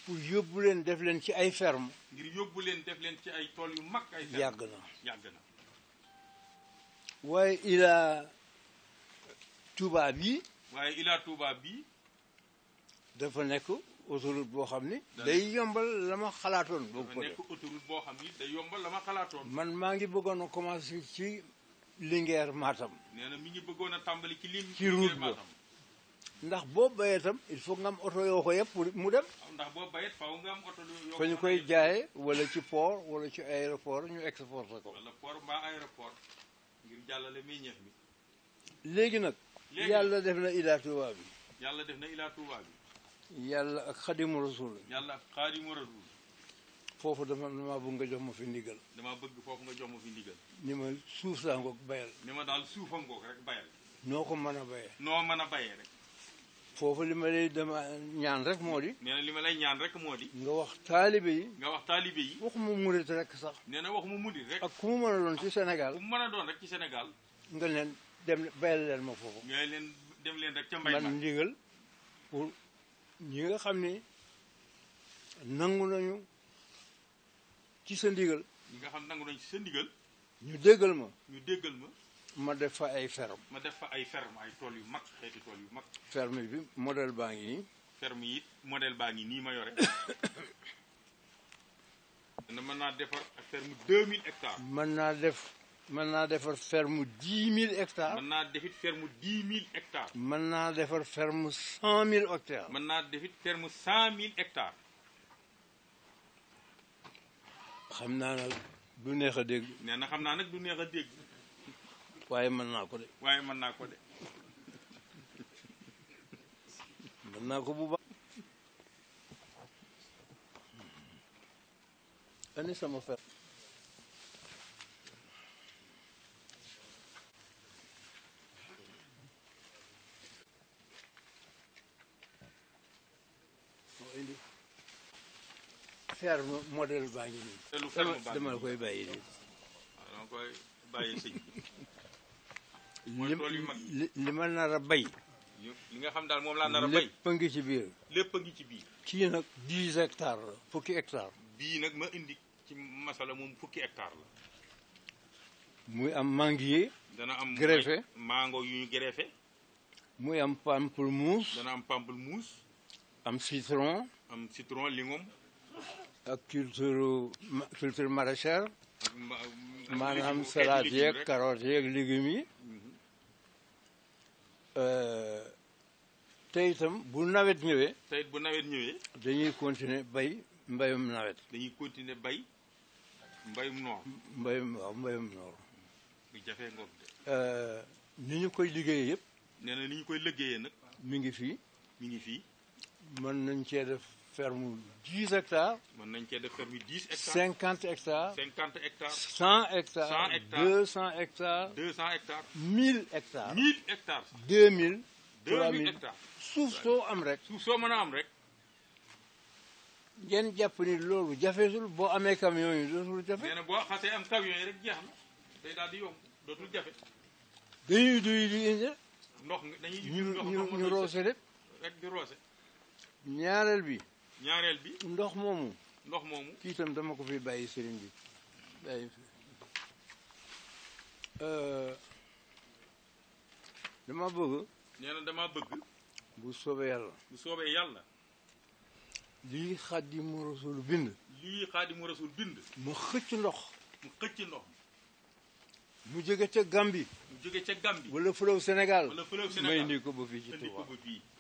Speaker 1: pour yóbbu leen def leen ci ay ferme
Speaker 2: ngir yóbbu leen def leen ci ay tool yu mag. ay ferme yàgg na yàgg na.
Speaker 1: waaye ilaa Touba bii.
Speaker 2: waaye ilaa Touba bi
Speaker 1: dafa nekk. autoroute boo xam ni. day yombal la ma boo xam
Speaker 2: ni day yombal la ma xalaatoon.
Speaker 1: man maa ngi bëggoon a commencé ci Linguère maatam
Speaker 2: nee na mi ngi bëggoon a tàmbali ci lim. ci ba
Speaker 1: ndax boo bayee tam il faut nga am oto yoo ko yëpp mu dem.
Speaker 2: ndax boo bayee faaw nga ñu koy jaay
Speaker 1: wala ci port wala ci aéroport ñu exporté ko. wala
Speaker 2: port mbaa aéroport ngir jàllale meññeef mi.
Speaker 1: léegi nag. léegi yàlla def na Ila Touba
Speaker 2: na Ila bi.
Speaker 1: yàlla ak xadimu rasul
Speaker 2: yàlla ak xadimu rasul
Speaker 1: foofu dama damaa bëgg nga jox ma fi ndigal
Speaker 2: dama bëgg foofu nga jox ma fi ndigal
Speaker 1: ni ma suuf saa ngoog bayal
Speaker 2: ni ma daal suufa ngoog rek bayal
Speaker 1: noo ko mën a bayee
Speaker 2: noo mën a baye rek
Speaker 1: foofu li ma lay dama ñaan rek moo di
Speaker 2: li ma lay ñaan rek moo di nga wax taalibe yi nga wax taalibe yi wax
Speaker 1: mu murit rek sax
Speaker 2: nee na wax mu murit rek ak
Speaker 1: ku mu mën a doon ci senegal ku
Speaker 2: mu mën a doon rek ci senegal
Speaker 1: nga leen dem bayal leen ma foofu nga
Speaker 2: leen dem leen rek ca mbay
Speaker 1: ndigal ñi nga xam ni nangu nañu ci sa ndigal.
Speaker 2: nga xam nangu nañu ci sa
Speaker 1: ñu déggal ma. ñu déggal ma. ma def fa ay ferme.
Speaker 2: ma def fa ay ferme ay tool yu mag xeeti tool yu mag.
Speaker 1: ferme bi model baa
Speaker 2: ngi nii. ferme yi modèle baa ngi nii ma yore. mën naa defar ak ferme 2000
Speaker 1: hectares. mën naa def. mën naa defar ferme dix mille hectares.
Speaker 2: mën naa defit ferme dix mille hectares.
Speaker 1: mën naa defar ferme cent mille
Speaker 2: hectares. mën naa defit ferme cent mille hectares. xam naa nag du neex a dégg. nee na xam naa nag du neex a dégg. waaye mën naa ko de. waaye mën naa ko de.
Speaker 1: mën naa ko bu baax. ani sama fer. ferme modèle baa ngi nii. te lu ferme baa ngi dama la koy bàyyi nii.
Speaker 2: dama koy bàyyi sëñ bi.
Speaker 1: mooy tool yu mag li li ma nar a bay.
Speaker 2: li nga xam daal moom laa nar a bay lépp a ngi ci biir. lépp a ngi ci biir.
Speaker 1: kii nag dix hectares la fukki hectares.
Speaker 2: bii nag ma indi ci masala moom fukki hectares la.
Speaker 1: muy am manguier. dana am greffé
Speaker 2: mango yu ñu greffé.
Speaker 1: muy am pamplemousse. dana
Speaker 2: am pamplemousse.
Speaker 1: am citron.
Speaker 2: am citron lingom.
Speaker 1: ak culture culture maraîchère
Speaker 2: maanaam salade yeeg carotte yeeg légumes yi
Speaker 1: euh, te itam bu nawet ñëwee
Speaker 2: te bu nawet ñëwee dañuy continuer
Speaker 1: bay mbayum nawet dañuy continuer bay
Speaker 2: mbayum noor mbayum waaw mbayum noor bu jafee ngoon de euh, ni ñu koy liggéeyee yëpp nee na ni ñu koy liggéeyee nag mi ngi fii mi ngi
Speaker 1: fii mën nañ cee def ferme dix hectares.
Speaker 2: mën nañ cee def ferme dix hectares.
Speaker 1: cinquante hectares. cinquante
Speaker 2: hectares. cent hectares. cent cent hectares. deux cent hectares.
Speaker 1: mille hectares. mille hectares. deux mille. deux mille suuf soo am rek.
Speaker 2: suuf soo mën a am rek.
Speaker 1: ngeen jàpp ni loolu boo amee camion yi dootul jafe. nee
Speaker 2: na boo xasee am yi rek jeex na day daal di yomb dootul jafe.
Speaker 1: dañuy duy di indi.
Speaker 2: ndox ñu roose lépp.
Speaker 1: ñaareel bi. ñaareel bi. ndox moomu. ndox moomu. kii itam dama ko fi bàyyi sëriñ bi euh, dama bëgg.
Speaker 2: nee dama bëgg.
Speaker 1: bu soobee yàlla.
Speaker 2: bu soobee yàlla.
Speaker 1: lii xaadimu rasul bind.
Speaker 2: lii xaadimu rasul bind. mu xëcc ndox. mu xëcc ndox.
Speaker 1: jóge ca Gambie. mu
Speaker 2: jóge ca Gambie.
Speaker 1: wala fëlew Sénégal. wala fëlew Sénégal may nii
Speaker 2: ko ba fii ci Touba.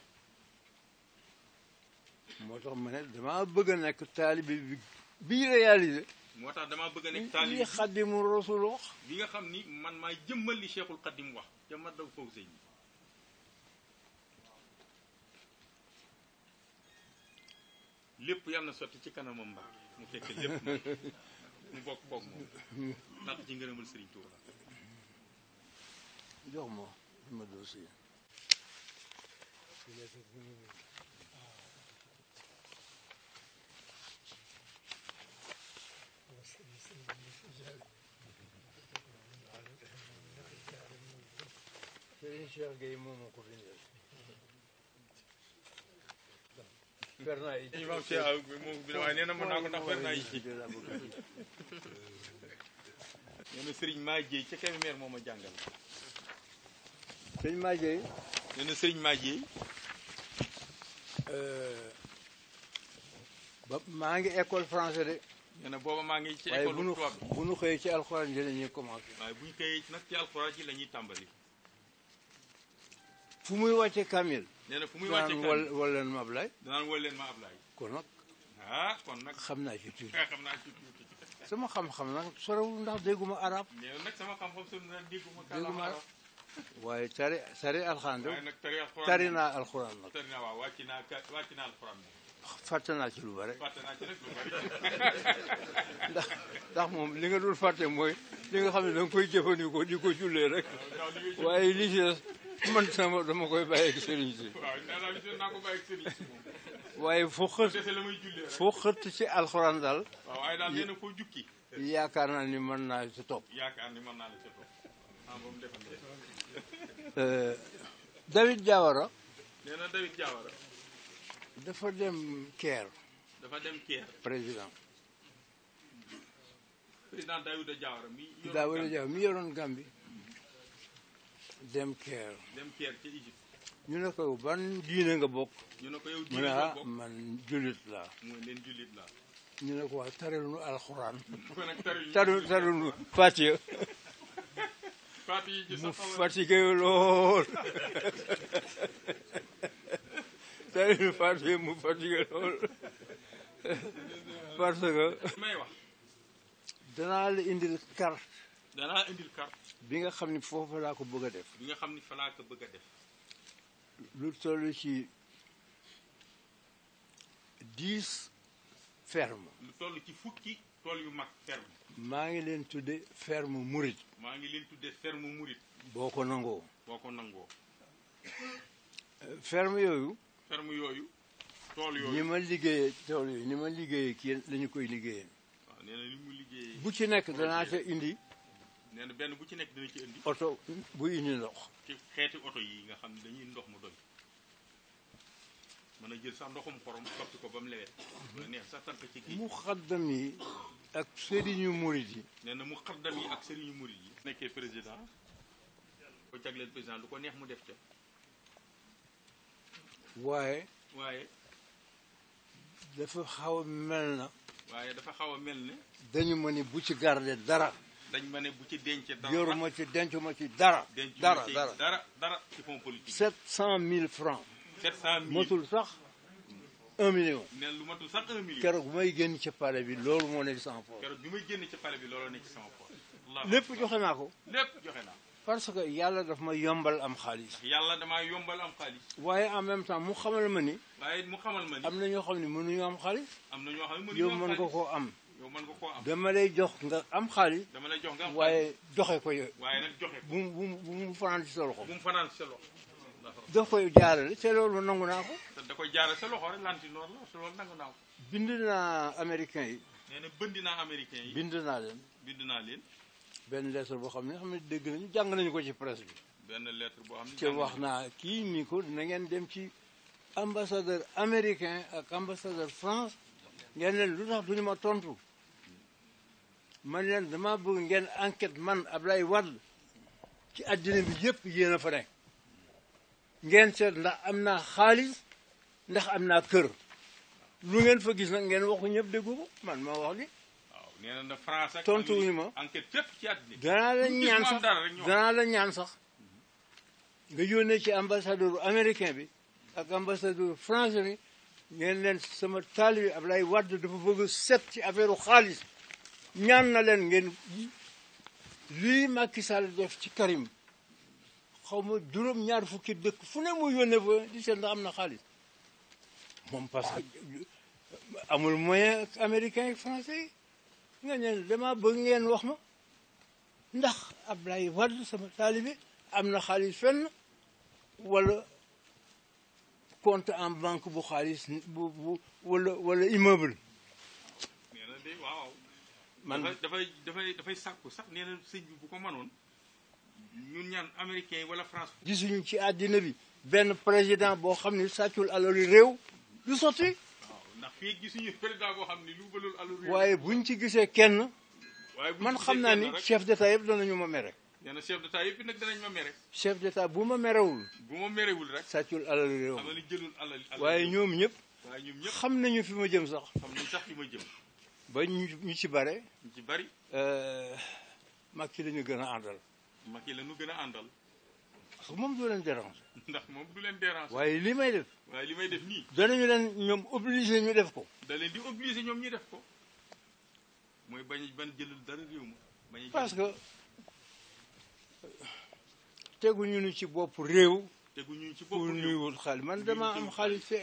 Speaker 1: moo tax ma dama bëgg a nekk taalibe bi bii
Speaker 2: moo tax damaa bëgg a nekk taalibe bi
Speaker 1: xadimu rasul wax.
Speaker 2: bi nga xam ni man maay jëmmal li Cheikhul Xadim wax te ma daw foofu na sotti ci kanamam mbaa bokk bokk
Speaker 1: ma ma doo si Serigne Cheikh Gueye moom moo ko bindal.
Speaker 2: yi ci moom Cheikh moo ko bindal waaye nee na mën yi ci. nee na Serigne Madieye ca Kébémer
Speaker 1: maa ngi école français de. nee
Speaker 2: booba maa ngi ci école bu nu
Speaker 1: bu xëyee ci alxuraan ji ñuy commencé.
Speaker 2: waaye bu ñu xëyee nag ci alxuraan ji la tàmbali.
Speaker 1: fu muy wàcce kamil.
Speaker 2: nee na fu muy wàcce kamil daan wal leen ma Ablaye. daan wal leen ma Ablaye. kon nag. ah kon nag
Speaker 1: xam naa ci tuuti. xam naa ci sama xam-xam nag sorewul ndax dégguma arab.
Speaker 2: nee xam-xam sorewul ndax
Speaker 1: waaye tari tari alxuraan. waaye nag tari alxuraan naa alxuraan
Speaker 2: nag. tari wàcc naa wàcc naa alxuraan
Speaker 1: nag. naa ci lu bare. fàtte naa ndax moom li nga dul fàtte mooy li xam ne da koy jëfandikoo di ko jullee rek waaye li man sama dama koy bàyyi ak ko
Speaker 2: bàyyi ak sëriñ
Speaker 1: waaye foo xët foo xët ci alxuraan daal. daal nee na foo yaakaar naa ni mën naa ci topp.
Speaker 2: yaakaar ni mën naa la topp. Ah,
Speaker 1: euh, David Diawara. dafa dem Caire.
Speaker 2: dafa dem Caire. président. président Daouda
Speaker 1: Diawara mi Gambie. dem Caire.
Speaker 2: dem Caire ca Égypte.
Speaker 1: ñu ne ko ban diine nga bokk. ñu ne ko yow diine nga ah, bokk man jullit
Speaker 2: laa. mooy leen jullit laa.
Speaker 1: ñu ne ko waa tarelu alxuraan. tarelu tarelu Fatiha. mu fatigué lool. tarelu Fatiha mu fatigué lool parce que. danaa la indil carte.
Speaker 2: danaa indil carte.
Speaker 1: li nga xam ni foofu laa ko bëgg a def.
Speaker 2: li nga xam ni fa bëgg a def.
Speaker 1: lu toll ci dix ferme
Speaker 2: lu toll ci fukki tool yu mag ferme.
Speaker 1: maa ngi leen tudde ferme Mouride.
Speaker 2: maa ngi leen tudde ferme Mouride.
Speaker 1: boo ko nangoo. boo ko nangoo. ferme yooyu.
Speaker 2: ferme yooyu. tool yooyu ni ma
Speaker 1: liggéeyee tool yooyu ni ma liggéeye ki lañu koy liggéeyee.
Speaker 2: waaw bu ci nekk danaa indi. nee na benn bu ci nekk dina ci indi. oto
Speaker 1: bu indi ndox.
Speaker 2: ci xeeti oto yi nga xam ne dañuy ndox mu doy. a jël sax ndoxum xorom soppi ko ba mu lewet. la neex sax tànk ci mu
Speaker 1: xaddam ak sëriñu murid yi.
Speaker 2: nee na président. ko jagleel président ko neex mu def ca. waaye. waaye.
Speaker 1: dafa xaw a mel
Speaker 2: waaye dafa xaw a mel ne.
Speaker 1: dañu ma ni bu ci garder dara.
Speaker 2: dañ ma ne bu ci denc dara yoruma
Speaker 1: ci denc ma ci dara. dara dara
Speaker 2: dara dara ci fonds politique.
Speaker 1: cent mille francs.
Speaker 2: sept cent mille motul
Speaker 1: sax un million.
Speaker 2: ne lu motul sax un million. bu
Speaker 1: may génn ci palais bi loolu moo ne sama poche.
Speaker 2: keroog bi may ci palais bi loolu nekk sama poche. lépp joxe naa ko. lépp joxe naa
Speaker 1: parce que yàlla daf ma yombal am xaalis.
Speaker 2: yàlla damaa yombal am xaalis.
Speaker 1: waaye en même temps mu xamal ma ni.
Speaker 2: waaye mu xamal ma
Speaker 1: am na ñoo xam ne mënuñu am xaalis.
Speaker 2: am na ñoo xam ne mën nga koo am. yow mën nga koo am
Speaker 1: dama lay jox nga am xaalis. dama lay jox waaye doxe ko yow. waaye nag joxe ko bu mu bu mu fanaan ci sa
Speaker 2: loxo. bu mu fanaan ci sa loxo. naa ko.
Speaker 1: da sa loxo rek lanti loolu la te loolu nangu naa ko. bind naa américain yi. nee na
Speaker 2: bëndi naa américain
Speaker 1: bind naa leen. bind naa leen. benn lettre boo xam ne xam ne dégg nañu jàng nañu ko ci presse
Speaker 2: bi. benn lettre boo xam ne wax naa
Speaker 1: kii ni ko na ngeen dem ci ambassadeur américain ak ambassadeur France ngeen lu tax duñu ma tontu. man leen dama bëgg ngeen enquête man Ablaye Wade ci àddina bi yëpp yéen a fa nekk ngeen seet ndax am na xaalis ndax am naa kër lu ngeen fa gis nag ngeen waxu ñëpp déggu ko man ma wax li
Speaker 2: tontuwuñu ma danaa la ñaan sax
Speaker 1: la ñaan sax nga yónnee ci ambassadeur américain bi ak ambassadeur français bi ngeen leen sama taalibi Ablaye Wade dafa bëgg set ci wu xaalis ñaan na leen ngeen lii Macky def ci Karim xaw ma juróom ñaar fukki dëkk fu ne mu yónnee fa di seet am na xaalis moom parce que amul moyen américain ak français yi nga neen dama bëgg ngeen wax ma ndax Ablaye Wade sama taalibe am na xaalis fenn wala compte en banque bu xaalis bu bu wala wala immeuble
Speaker 2: man dafay dafay dafay sàkku sax nee sëñ bu ko manoon ñun ñaan américain yi wala France.
Speaker 1: gisuñu ci àddina bi benn président boo xam ne sàccul alalu réew du sotti. waaw
Speaker 2: ndax fii gisuñu président boo xam ne lu balul alalu réew. waaye
Speaker 1: buñ ci gisee kenn. man xam naa ni chef d'état yëpp danañu ma mere.
Speaker 2: nee na chef d'état yëpp nag danañ ma mere.
Speaker 1: chef d'état bu ma merewul. bu
Speaker 2: ma merewul rek. sàccul alalu réew. xam nga waaye ñoom
Speaker 1: ñëpp. waaye ñoom ñëpp xam nañu fi ma jëm sax.
Speaker 2: xam nañu sax fi ma jëm.
Speaker 1: ba ñu ñu ci bare.
Speaker 2: ñu ci bari. Euh, Macky la ñu gën a àndal. Macky la ñu gën a àndal. parce que moom du leen déranger. ndax moom du leen déranger. waaye lii may def. waaye li may def nii.
Speaker 1: danañu leen ñoom obligé ñu def ko.
Speaker 2: da leen di obligé ñoom ñu def ko mooy bañ ban jëlul dara réew ma. bañ parce que
Speaker 1: teguñu ñu ci bopp réew.
Speaker 2: teguñu ci boppam ñëw wul xaalis man dama am xaalis te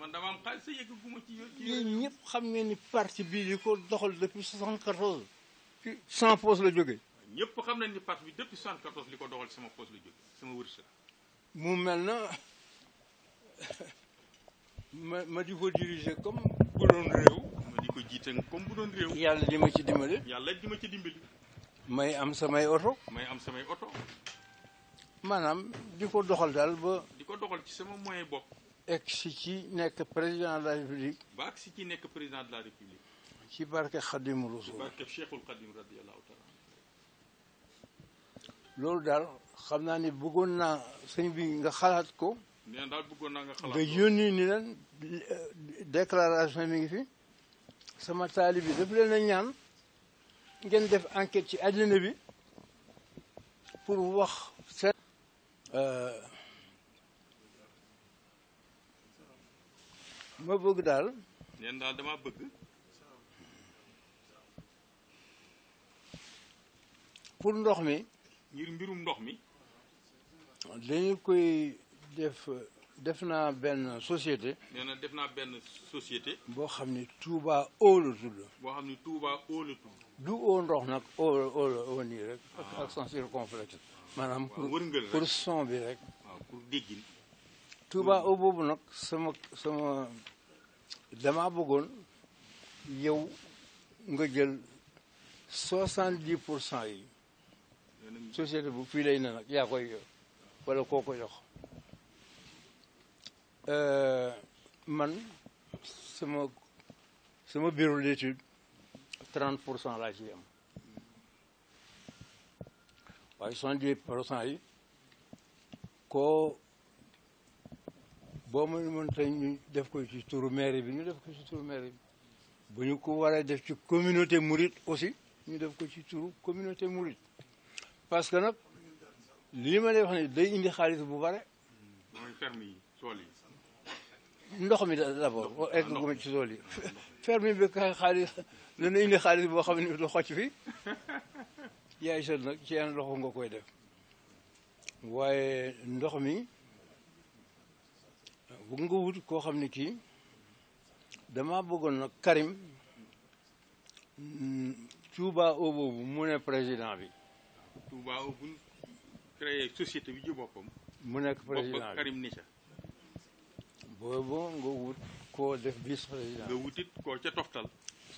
Speaker 2: man dama am xaalis te egguma ci
Speaker 1: ñëpp xam ngeen ni parti bii li ko doxal depuis 74. ci sans poste la jógee.
Speaker 2: ñëpp xam nañ ni parti bi depuis 74 li ko doxal sama poste la jógee sama wërsëg. mu mel na ma ma di ko diriger comme bu doon réew. ma di ko jiite comme bu doon réew. yàlla di ma ci dimbali. yàlla di ma ci dimbali. may am samay oto. may am samay oto.
Speaker 1: maanaam di ko doxal daal ba.
Speaker 2: di ko doxal ci sama moyen bopp.
Speaker 1: egg si ci nekk président de la république.
Speaker 2: ba si ci nekk président la république.
Speaker 1: ci barke Xadim Rasul. ci barke loolu daal xam naa ni bëggoon naa sëñ bi nga xalaat ko.
Speaker 2: nee daal bëggoon naa nga xalaat ko nga
Speaker 1: ni leen déclaration mi ngi fi. sama taali bi daf leen a ñaan ngeen def enquête ci àddina bi pour wax. Euh, ma bëgg daal.
Speaker 2: neen daal dama bëgg.
Speaker 1: pour ndox mi.
Speaker 2: ngir mbirum ndox mi.
Speaker 1: dañu koy def def naa benn société.
Speaker 2: nee na def naa benn société.
Speaker 1: boo xam ni Touba eau la tudd.
Speaker 2: boo xam ni Touba eau la tudd.
Speaker 1: du eau ndox nag eau eau la eau nii rek. ak ak sans circonflexe. maanaam pour son bi rek Touba nag sama sama dama bëggoon yow nga jël soixante dix pour cent yi société bu fii lay na nag yaa koy wala koo ko jox euh, man sama sama bureau d'étude trente pour cent la ci am waaye soixante-dix pour cent yi boo mën mën tey ñu def ko ci turu mairie bi ñu def ko ci turu mairie bi bu ñu ko war a def ci communauté mouride aussi ñu def ko ci turu communauté mouride parce que nag lii ma lay wax day indi xaalis bu bare
Speaker 2: mooy tool yi
Speaker 1: ndox mi da egg gu ma ci tool yi ferme bi ka xaalis dana indi xaalis boo xam ni du xocc fi yaay sel nag ci yenn loxo koy def ndox mi bëgg nga wut koo xam ne kii dama bëggoon nag Karim mm, Touba O boobu mu ne président bi.
Speaker 2: Touba O bi ci boppam. mu nekk président bi Karim
Speaker 1: boobu nga wut koo def vice président. nga wutit
Speaker 2: koo ca toftal.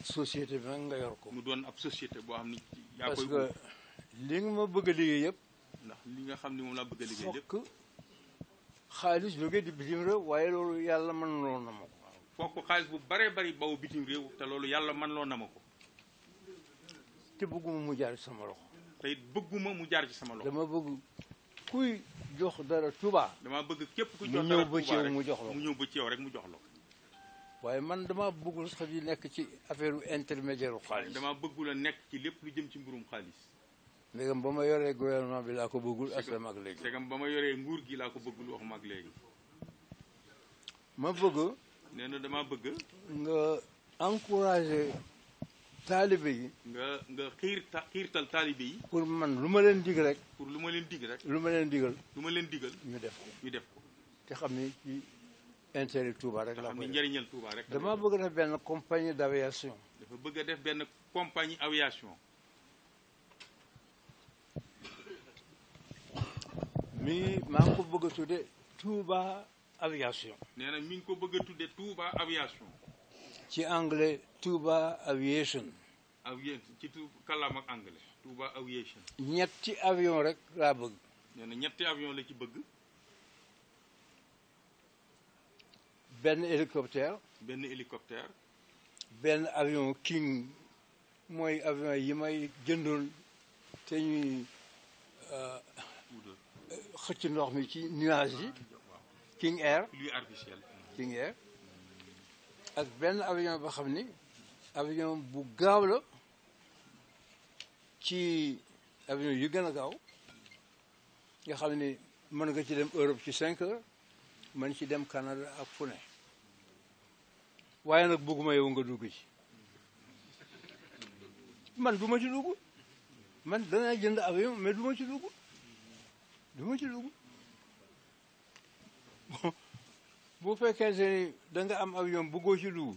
Speaker 1: société bi nag nga
Speaker 2: yor ko. mu doon ab société boo xam ne. li nga ma bëgg a yëpp. ndax li nga xam ne moom laa bëgg a liggéey yëpp fokk
Speaker 1: xaalis jógee di bitim réew waaye loolu yàlla
Speaker 2: man loon na ma ko. fokk xaalis bu baree bari bawu bitim réew te loolu yàlla mën loo nama ko. te bëgguma mu jaar ci sama loxo. te it bëgguma mu jaar ci sama loxo. dama bëgg kuy jox dara Tuubaa. dama bëgg képp ku jox mu ñëw ba ci rek mu jox la ko.
Speaker 1: waaye man dama bëggul sax di nekk ci affaire intermédiaire u xaalis. dama
Speaker 2: nekk ci lépp lu jëm ci mbirum xaalis
Speaker 1: ndegam ba ma yoree gouvernement bi laa ko bëggul aslam
Speaker 2: mag léegi ndegam ba ma yoree nguur gi laa ko bëggul waxuma ak léegi ma bëgg nee na dama bëgg
Speaker 1: nga encouragé taalibe yi
Speaker 2: nga nga xiir xiirtal taalibe yi
Speaker 1: pour man lu ma leen dig rek
Speaker 2: pour lu ma leen dig rek lu ma leen diggal lu ma leen digal ñu def ko ñu def ko
Speaker 1: te xam ni ci intérêt Touba rek laa koy njëriñal
Speaker 2: Touba rek dama
Speaker 1: bëgg def benn compagnie d' aviation
Speaker 2: dafa bëgg a def benn compagnie aviation mi maa ngi ko bëgg a tudde Touba aviation. nee na mi ngi ko bëgg a tudde Touba aviation.
Speaker 1: ci anglais Touba aviation.
Speaker 2: aviation ci tu kàllaam ak anglais. Touba aviation.
Speaker 1: ñetti avion rek laa bëgg.
Speaker 2: ñetti avion la ci bëgg.
Speaker 1: benn hélicoptère.
Speaker 2: benn hélicoptère.
Speaker 1: benn avion king mooy avion yi may jëndoon te ñuy. Euh, xëcc ndox mi ci nuage yi King Air King Air ak benn avion boo xam ni avion bu gaaw la ci avion yu gën a gaaw nga xam ni mën nga ci dem Europe ci cinq heures mën ci dem Canada ak fu waaye nag bëgguma yow nga dugg ci man du ci dugg man danaa jënd avion mais du ci dugg du ma ci dugg bu fekkee ni da nga am avion bëggoo ci dugg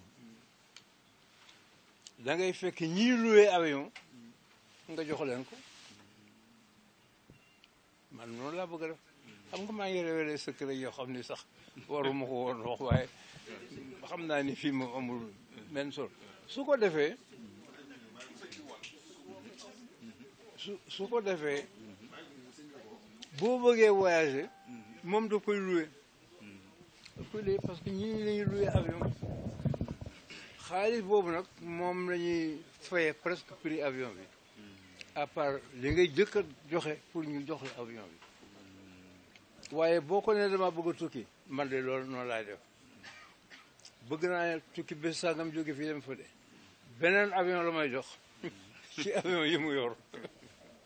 Speaker 1: da fekk ñii luwee avion nga jox leen ko man noonu laa bëgg a def xam nga maa ngi révélé secret yoo xam ni sax waruma ko woon wax waaye xam naa ni fii moom amul men sol su ko defee su ko defee boo bëggee voyager mhm. moom da koy loué mhm. da koy loué parce que ñii la ñuy loué avion xaalis boobu nag moom la ñuy fayee presque prix avion bi mhm. à part li ngay jëkk a joxe pour ñu jox la avion bi waaye boo ko nee dama bëgg tukki man de loolu noonu laay def bëgg naa tukki bés sangam jóge fii dem fa beneen avion la may jox ci avion yi mu yor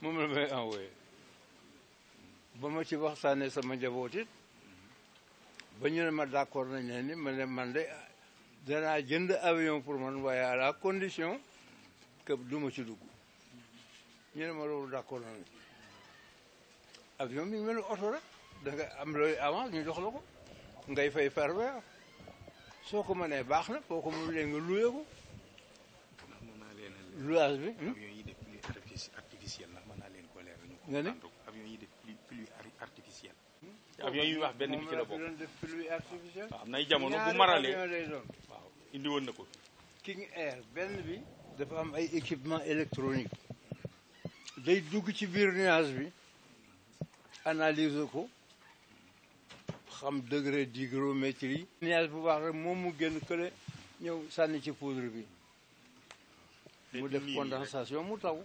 Speaker 1: moom la may envoyé ba ma ci waxtaanee sama njaboot it ba ñu ne ma d'accord nañ ne ni ma ne man de danaa jënd avion pour man waaye à la condition que du ci dugg ñu ne ma loolu d'accord nañ avion bi mel oto rek danga am looy avance ñu jox la ko ngay fay par soo ko mënee baax na boo ko mënulee nga luye ko.
Speaker 2: louage bi. Hmm? avion yi def artificiel leen ko am avion wax benn bi ci la bokk waaw jamono bu maralee waaw indi na ko King benn bi
Speaker 1: dafa am ay équipement électronique day dugg ci biir nuage bi analyser ko xam degré d'hygrométrie nuage bu baax rek moom mu génn kële ñëw sànni ci poudre bi mu def condensation mu taw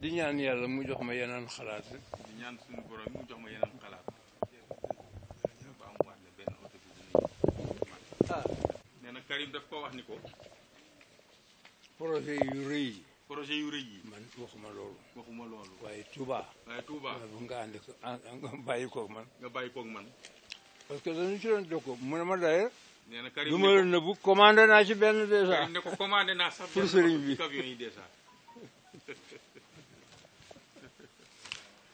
Speaker 1: di ñaan yàlla mu jox ma yeneen xalaat rek. di ñaan suñu jox ma yeneen xalaat.
Speaker 2: nee na Karim daf ko wax ni ko.
Speaker 1: projet yu rëy
Speaker 2: yi. projet yu rëy yi. man waxuma loolu. waxuma loolu waaye Touba. waaye Touba bu nga ànd nga bàyyi koog man. nga bàyyi koog man.
Speaker 1: parce que dañu ci doon jokkoo mu ne ma d'ailleurs. nee na Karim du ma la nëbbu commandé naa ci benn déjà. ne
Speaker 2: sax. pour sëriñ bi avion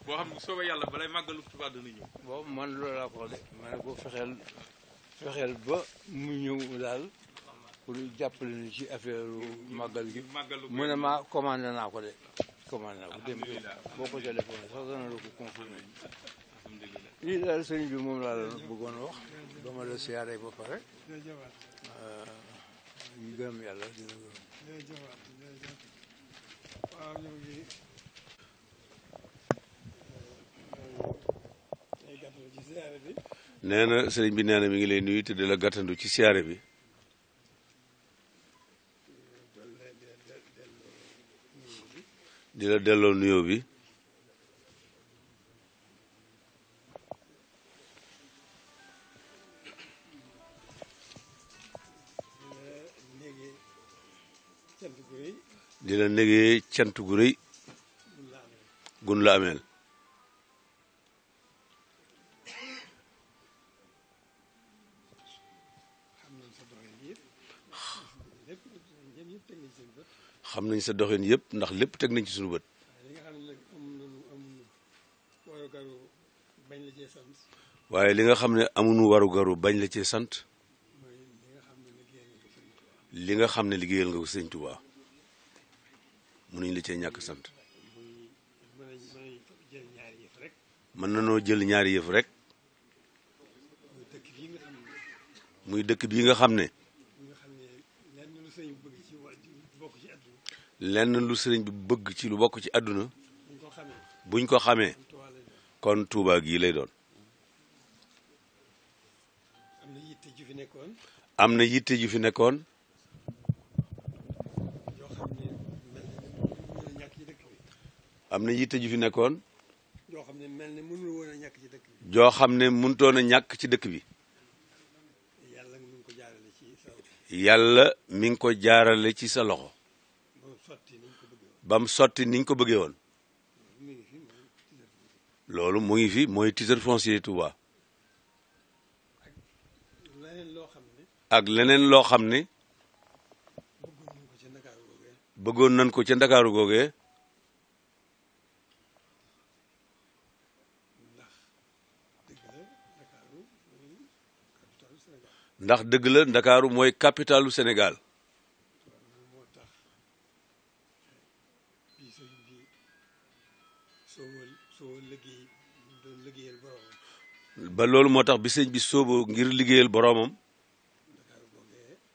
Speaker 2: boo xam yàlla balay màggalu Tuubaa dana ñëw. boobu man loolu laa ko de ma ne ko fexeel
Speaker 1: fexeel ba mu ñëw daal pour jàppale ni ci affaire màggal gi. màggalu mu ne ma commandé naa ko de. commandé naa ko dem boo ko téléphoné sax dana la ko confirmé. lii moom laa la bëggoon wax ba ma la siyaaree ba pare ñu gërëm yàlla dina
Speaker 4: gërëm.
Speaker 3: nee na bi nee na mi ngi lay nuyu te di la gàttandu ci siyaare bi. di la delloo nuyoo bi. di la négee cant gu rëy gun la ameel xam nañ sa doxin yëpp ndax teg nañ ci suñu bët. li nga xam ne amuñu warugaru bañ la cee sant. li nga xam ne liggéeyal nga ko sëñ Touba mënuñ la cee ñàkk sant. mën nanoo jël ñaari yëf rek. muy dëkk bii nga xam ne. lenn lu sëriñ bi bëgg ci lu bokk ci àdduna buñ ko xamee kon Tuubaa gii lay doon
Speaker 4: am na yitte ju fi nekkoon
Speaker 3: am na yitte ju fi nekkoon joo ne mel ne mënul ñàkk ci dëkk bi joo xam ne mënutoon ñàkk ci dëkk bi yàlla mi ko jaarale yàlla mi ngi ko jaarale ci sa loxo bam sotti ni ñu ko bëggee woon loolu mu ngi fi mooy titre foncier Touba ak leneen loo xam ne bëggoon nañ ko ca Ndakaaru googee ndax dëgg la Ndakaaru mooy capitalu Sénégal ba loolu moo tax bi bi sóoboo ngir liggéeyal boroomam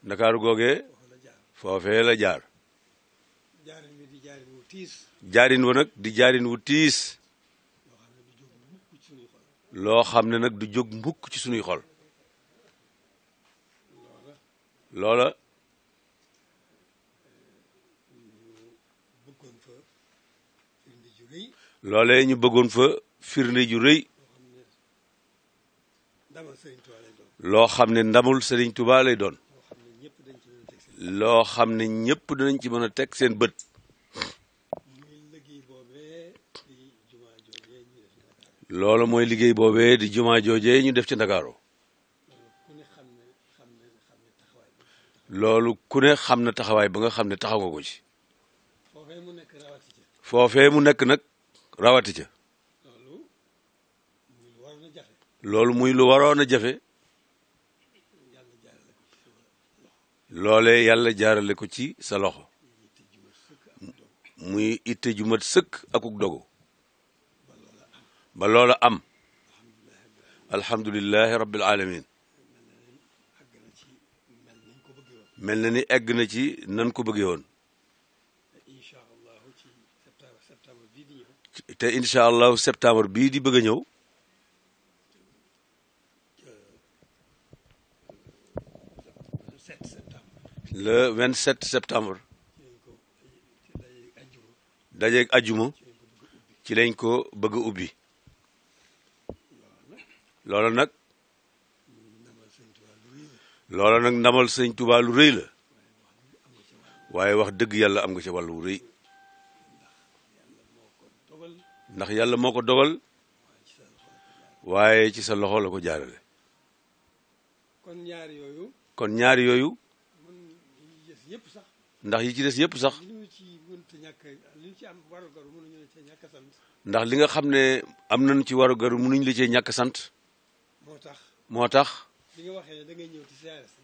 Speaker 3: ndakaaru googee foofee la jaar jaarin wa nag di jaarin wu tiis loo xam ne nag du jóg mbukk ci sunuy xol loola loolee ñu bëggoon fa firnde ju rëy loo xam ne ndamul Sëriñ Tuubaa lay doon loo xam ne ñëpp dinañ ci mën a teg seen bët loolu mooy liggéey boobee di jumaa joojee ñu def ci Ndakaaru loolu ku ne xam na taxawaay ba nga xam ne taxaw nga ko ci foofee mu nekk nag rawati ca loolu muy lu waroon a jafe loolee yàlla jaarale ko ci sa loxo muy itte ju mat sëkk akuk dogu ba loola am alhamdulilahi rabbil alamin mel na ni egg na ci nan ko bëggee woon te incha allahu septembre bii di bëgg a ñëw le 27 septembre dajeeg ajjuma ci lañ ko bëgg a ubbi loolu nag loolu nag ndamal sëñ Tuubaa lu rëy la waaye wax dëgg yàlla am nga ci wàllu rëy ndax yàlla moo ko dogal waaye ci sa loxo la ko jaarale kon ñaar kon ñaar yooyu ndax yi ci des yëpp sax ndax li nga xam ne am na nañu ci waru garu mënuñ la ce ñàkk sant moo tax moo tax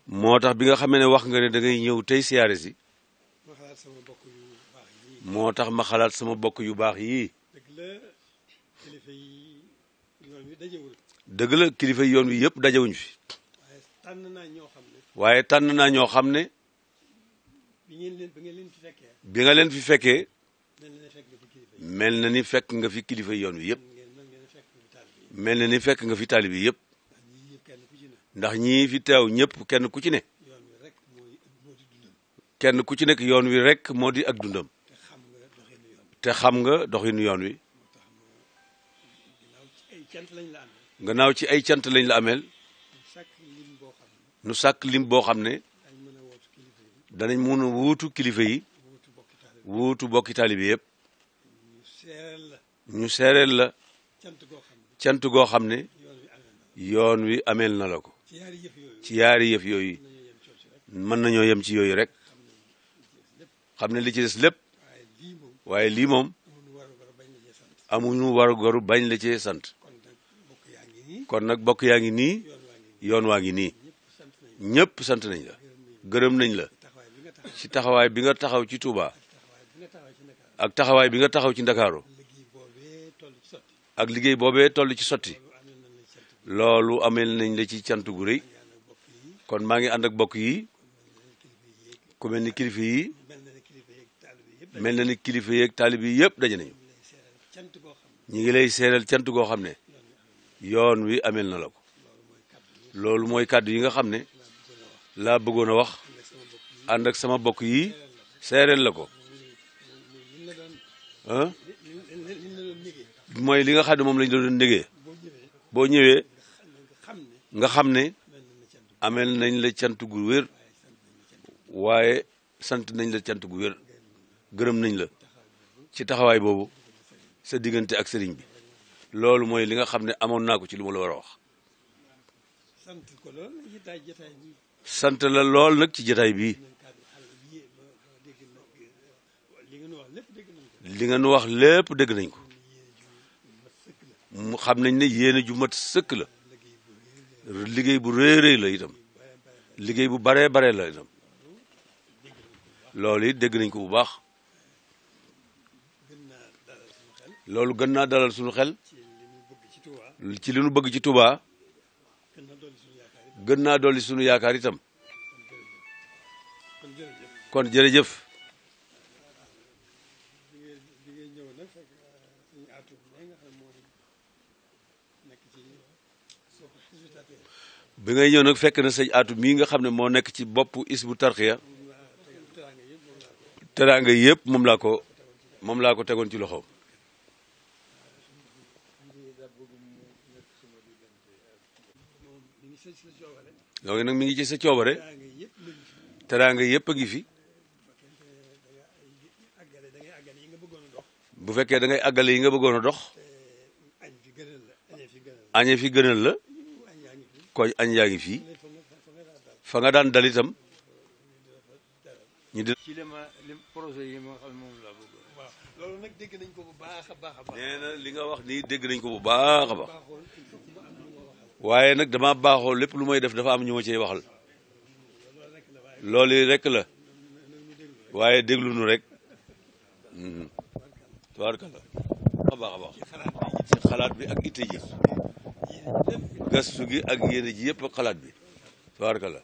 Speaker 3: moo tax bi nga xamee ne wax nga ne da ngay ñëw tey siyaare si moo tax ma xalaat sama bokk yu baax yii dëgg la kilifa yoon wi yëpp dajewuñ fi waaye tànn naa ñoo xam ne
Speaker 4: bi leen bi ngeen leen fi
Speaker 3: fekkee. bi nga leen fi fekkee. mel na ni fekk nga fi kilifa yoon wi yëpp. mel na ni fekk nga fi taalibe yi yëpp. ndax ñi fi teew ñëpp kenn ku ci ne. kenn ku ci nekk yoon wi rek moo di ak dundam. te xam nga doxinu yoon wi. gannaaw ci ay cant lañ la ameel. nu sàkk lim boo xam ne. danañ mun a wuutu kilifa yi wuutu bokki taalibe yëpp ñu seereel la cant goo xam ne yoon wi ameel na la ko ci yaari yëf yooyu mën nañoo yem ci yooyu rek xam ne li ci des lépp waaye lii moom amuñu war goru bañ la ci sant kon nag bokk yaa ngi nii yoon waa ngi nii ñépp sant nañ la gërëm nañ la ci taxawaay bi nga taxaw ci Touba ak taxawaay bi nga taxaw ci Ndakaaru ak liggéey boobe toll ci sotti loolu amel nañ la ci cant gu kon maa ngi ànd ak bokk yi ku ni kilifa yi mel na ni kilifa yeeg taalib yi yëpp daje nañu ñu ngi lay seeral cant goo xam ne yoon wi amel na la ko loolu mooy kàddu yi nga xam ne laa bëggoon a wax ànd ak sama bokk yi seereel la ko ah mooy li nga xam ne moom lañ la doon négee boo ñëwee nga xam ne ameel nañ la cant gu wér waaye sant nañ la cant gu wér gërëm nañ la ci taxawaay boobu sa diggante ak sëriñ bi loolu mooy li nga xam ne amoon naa ko ci li ma la war a wax sant la lool nag ci jotaay bii li nga nu wax lépp dégg nañ ko mu xam nañ ne yéene ju mat sëkk la liggéey bu rëy rëy la itam liggéey bu baree bare la itam loolu it dégg nañ ko bu baax loolu gën naa dalal sunu xel ci li nu bëgg ci Touba gën naa dolli sunu yaakaar itam kon jërëjëf bi ngay ñëw nag fekk na sëñ atu mii nga xam ne moo nekk ci bopp isbu tarxiya teraanga yëpp moom laa ko laa ko tegoon ci loxoom donc nag mi ngi ci sa coobare teraanga yëpp ngi fi bu fekkee dangay ngay àggale yi nga bëggoon a dox añee fi gënal la koñ añ yaa ngi fii fa nga daan dal itam ñu di ci li ma
Speaker 1: li projet yi ma xam moom laa bëgg waaw loolu nag dégg nañ ko bu baax a baax a baax
Speaker 3: nee na li nga wax nii dégg nañ ko bu baax a baax waaye nag dama baaxoo lépp lu may def dafa am ñu ma cey waxal loolu rek la waaye déglu nu rek hmm. tabaarkalla baax a baax a baax xalaat bi ak itte ji gastu gi ak yéene ji yëpp xalaat bi tabaaraka la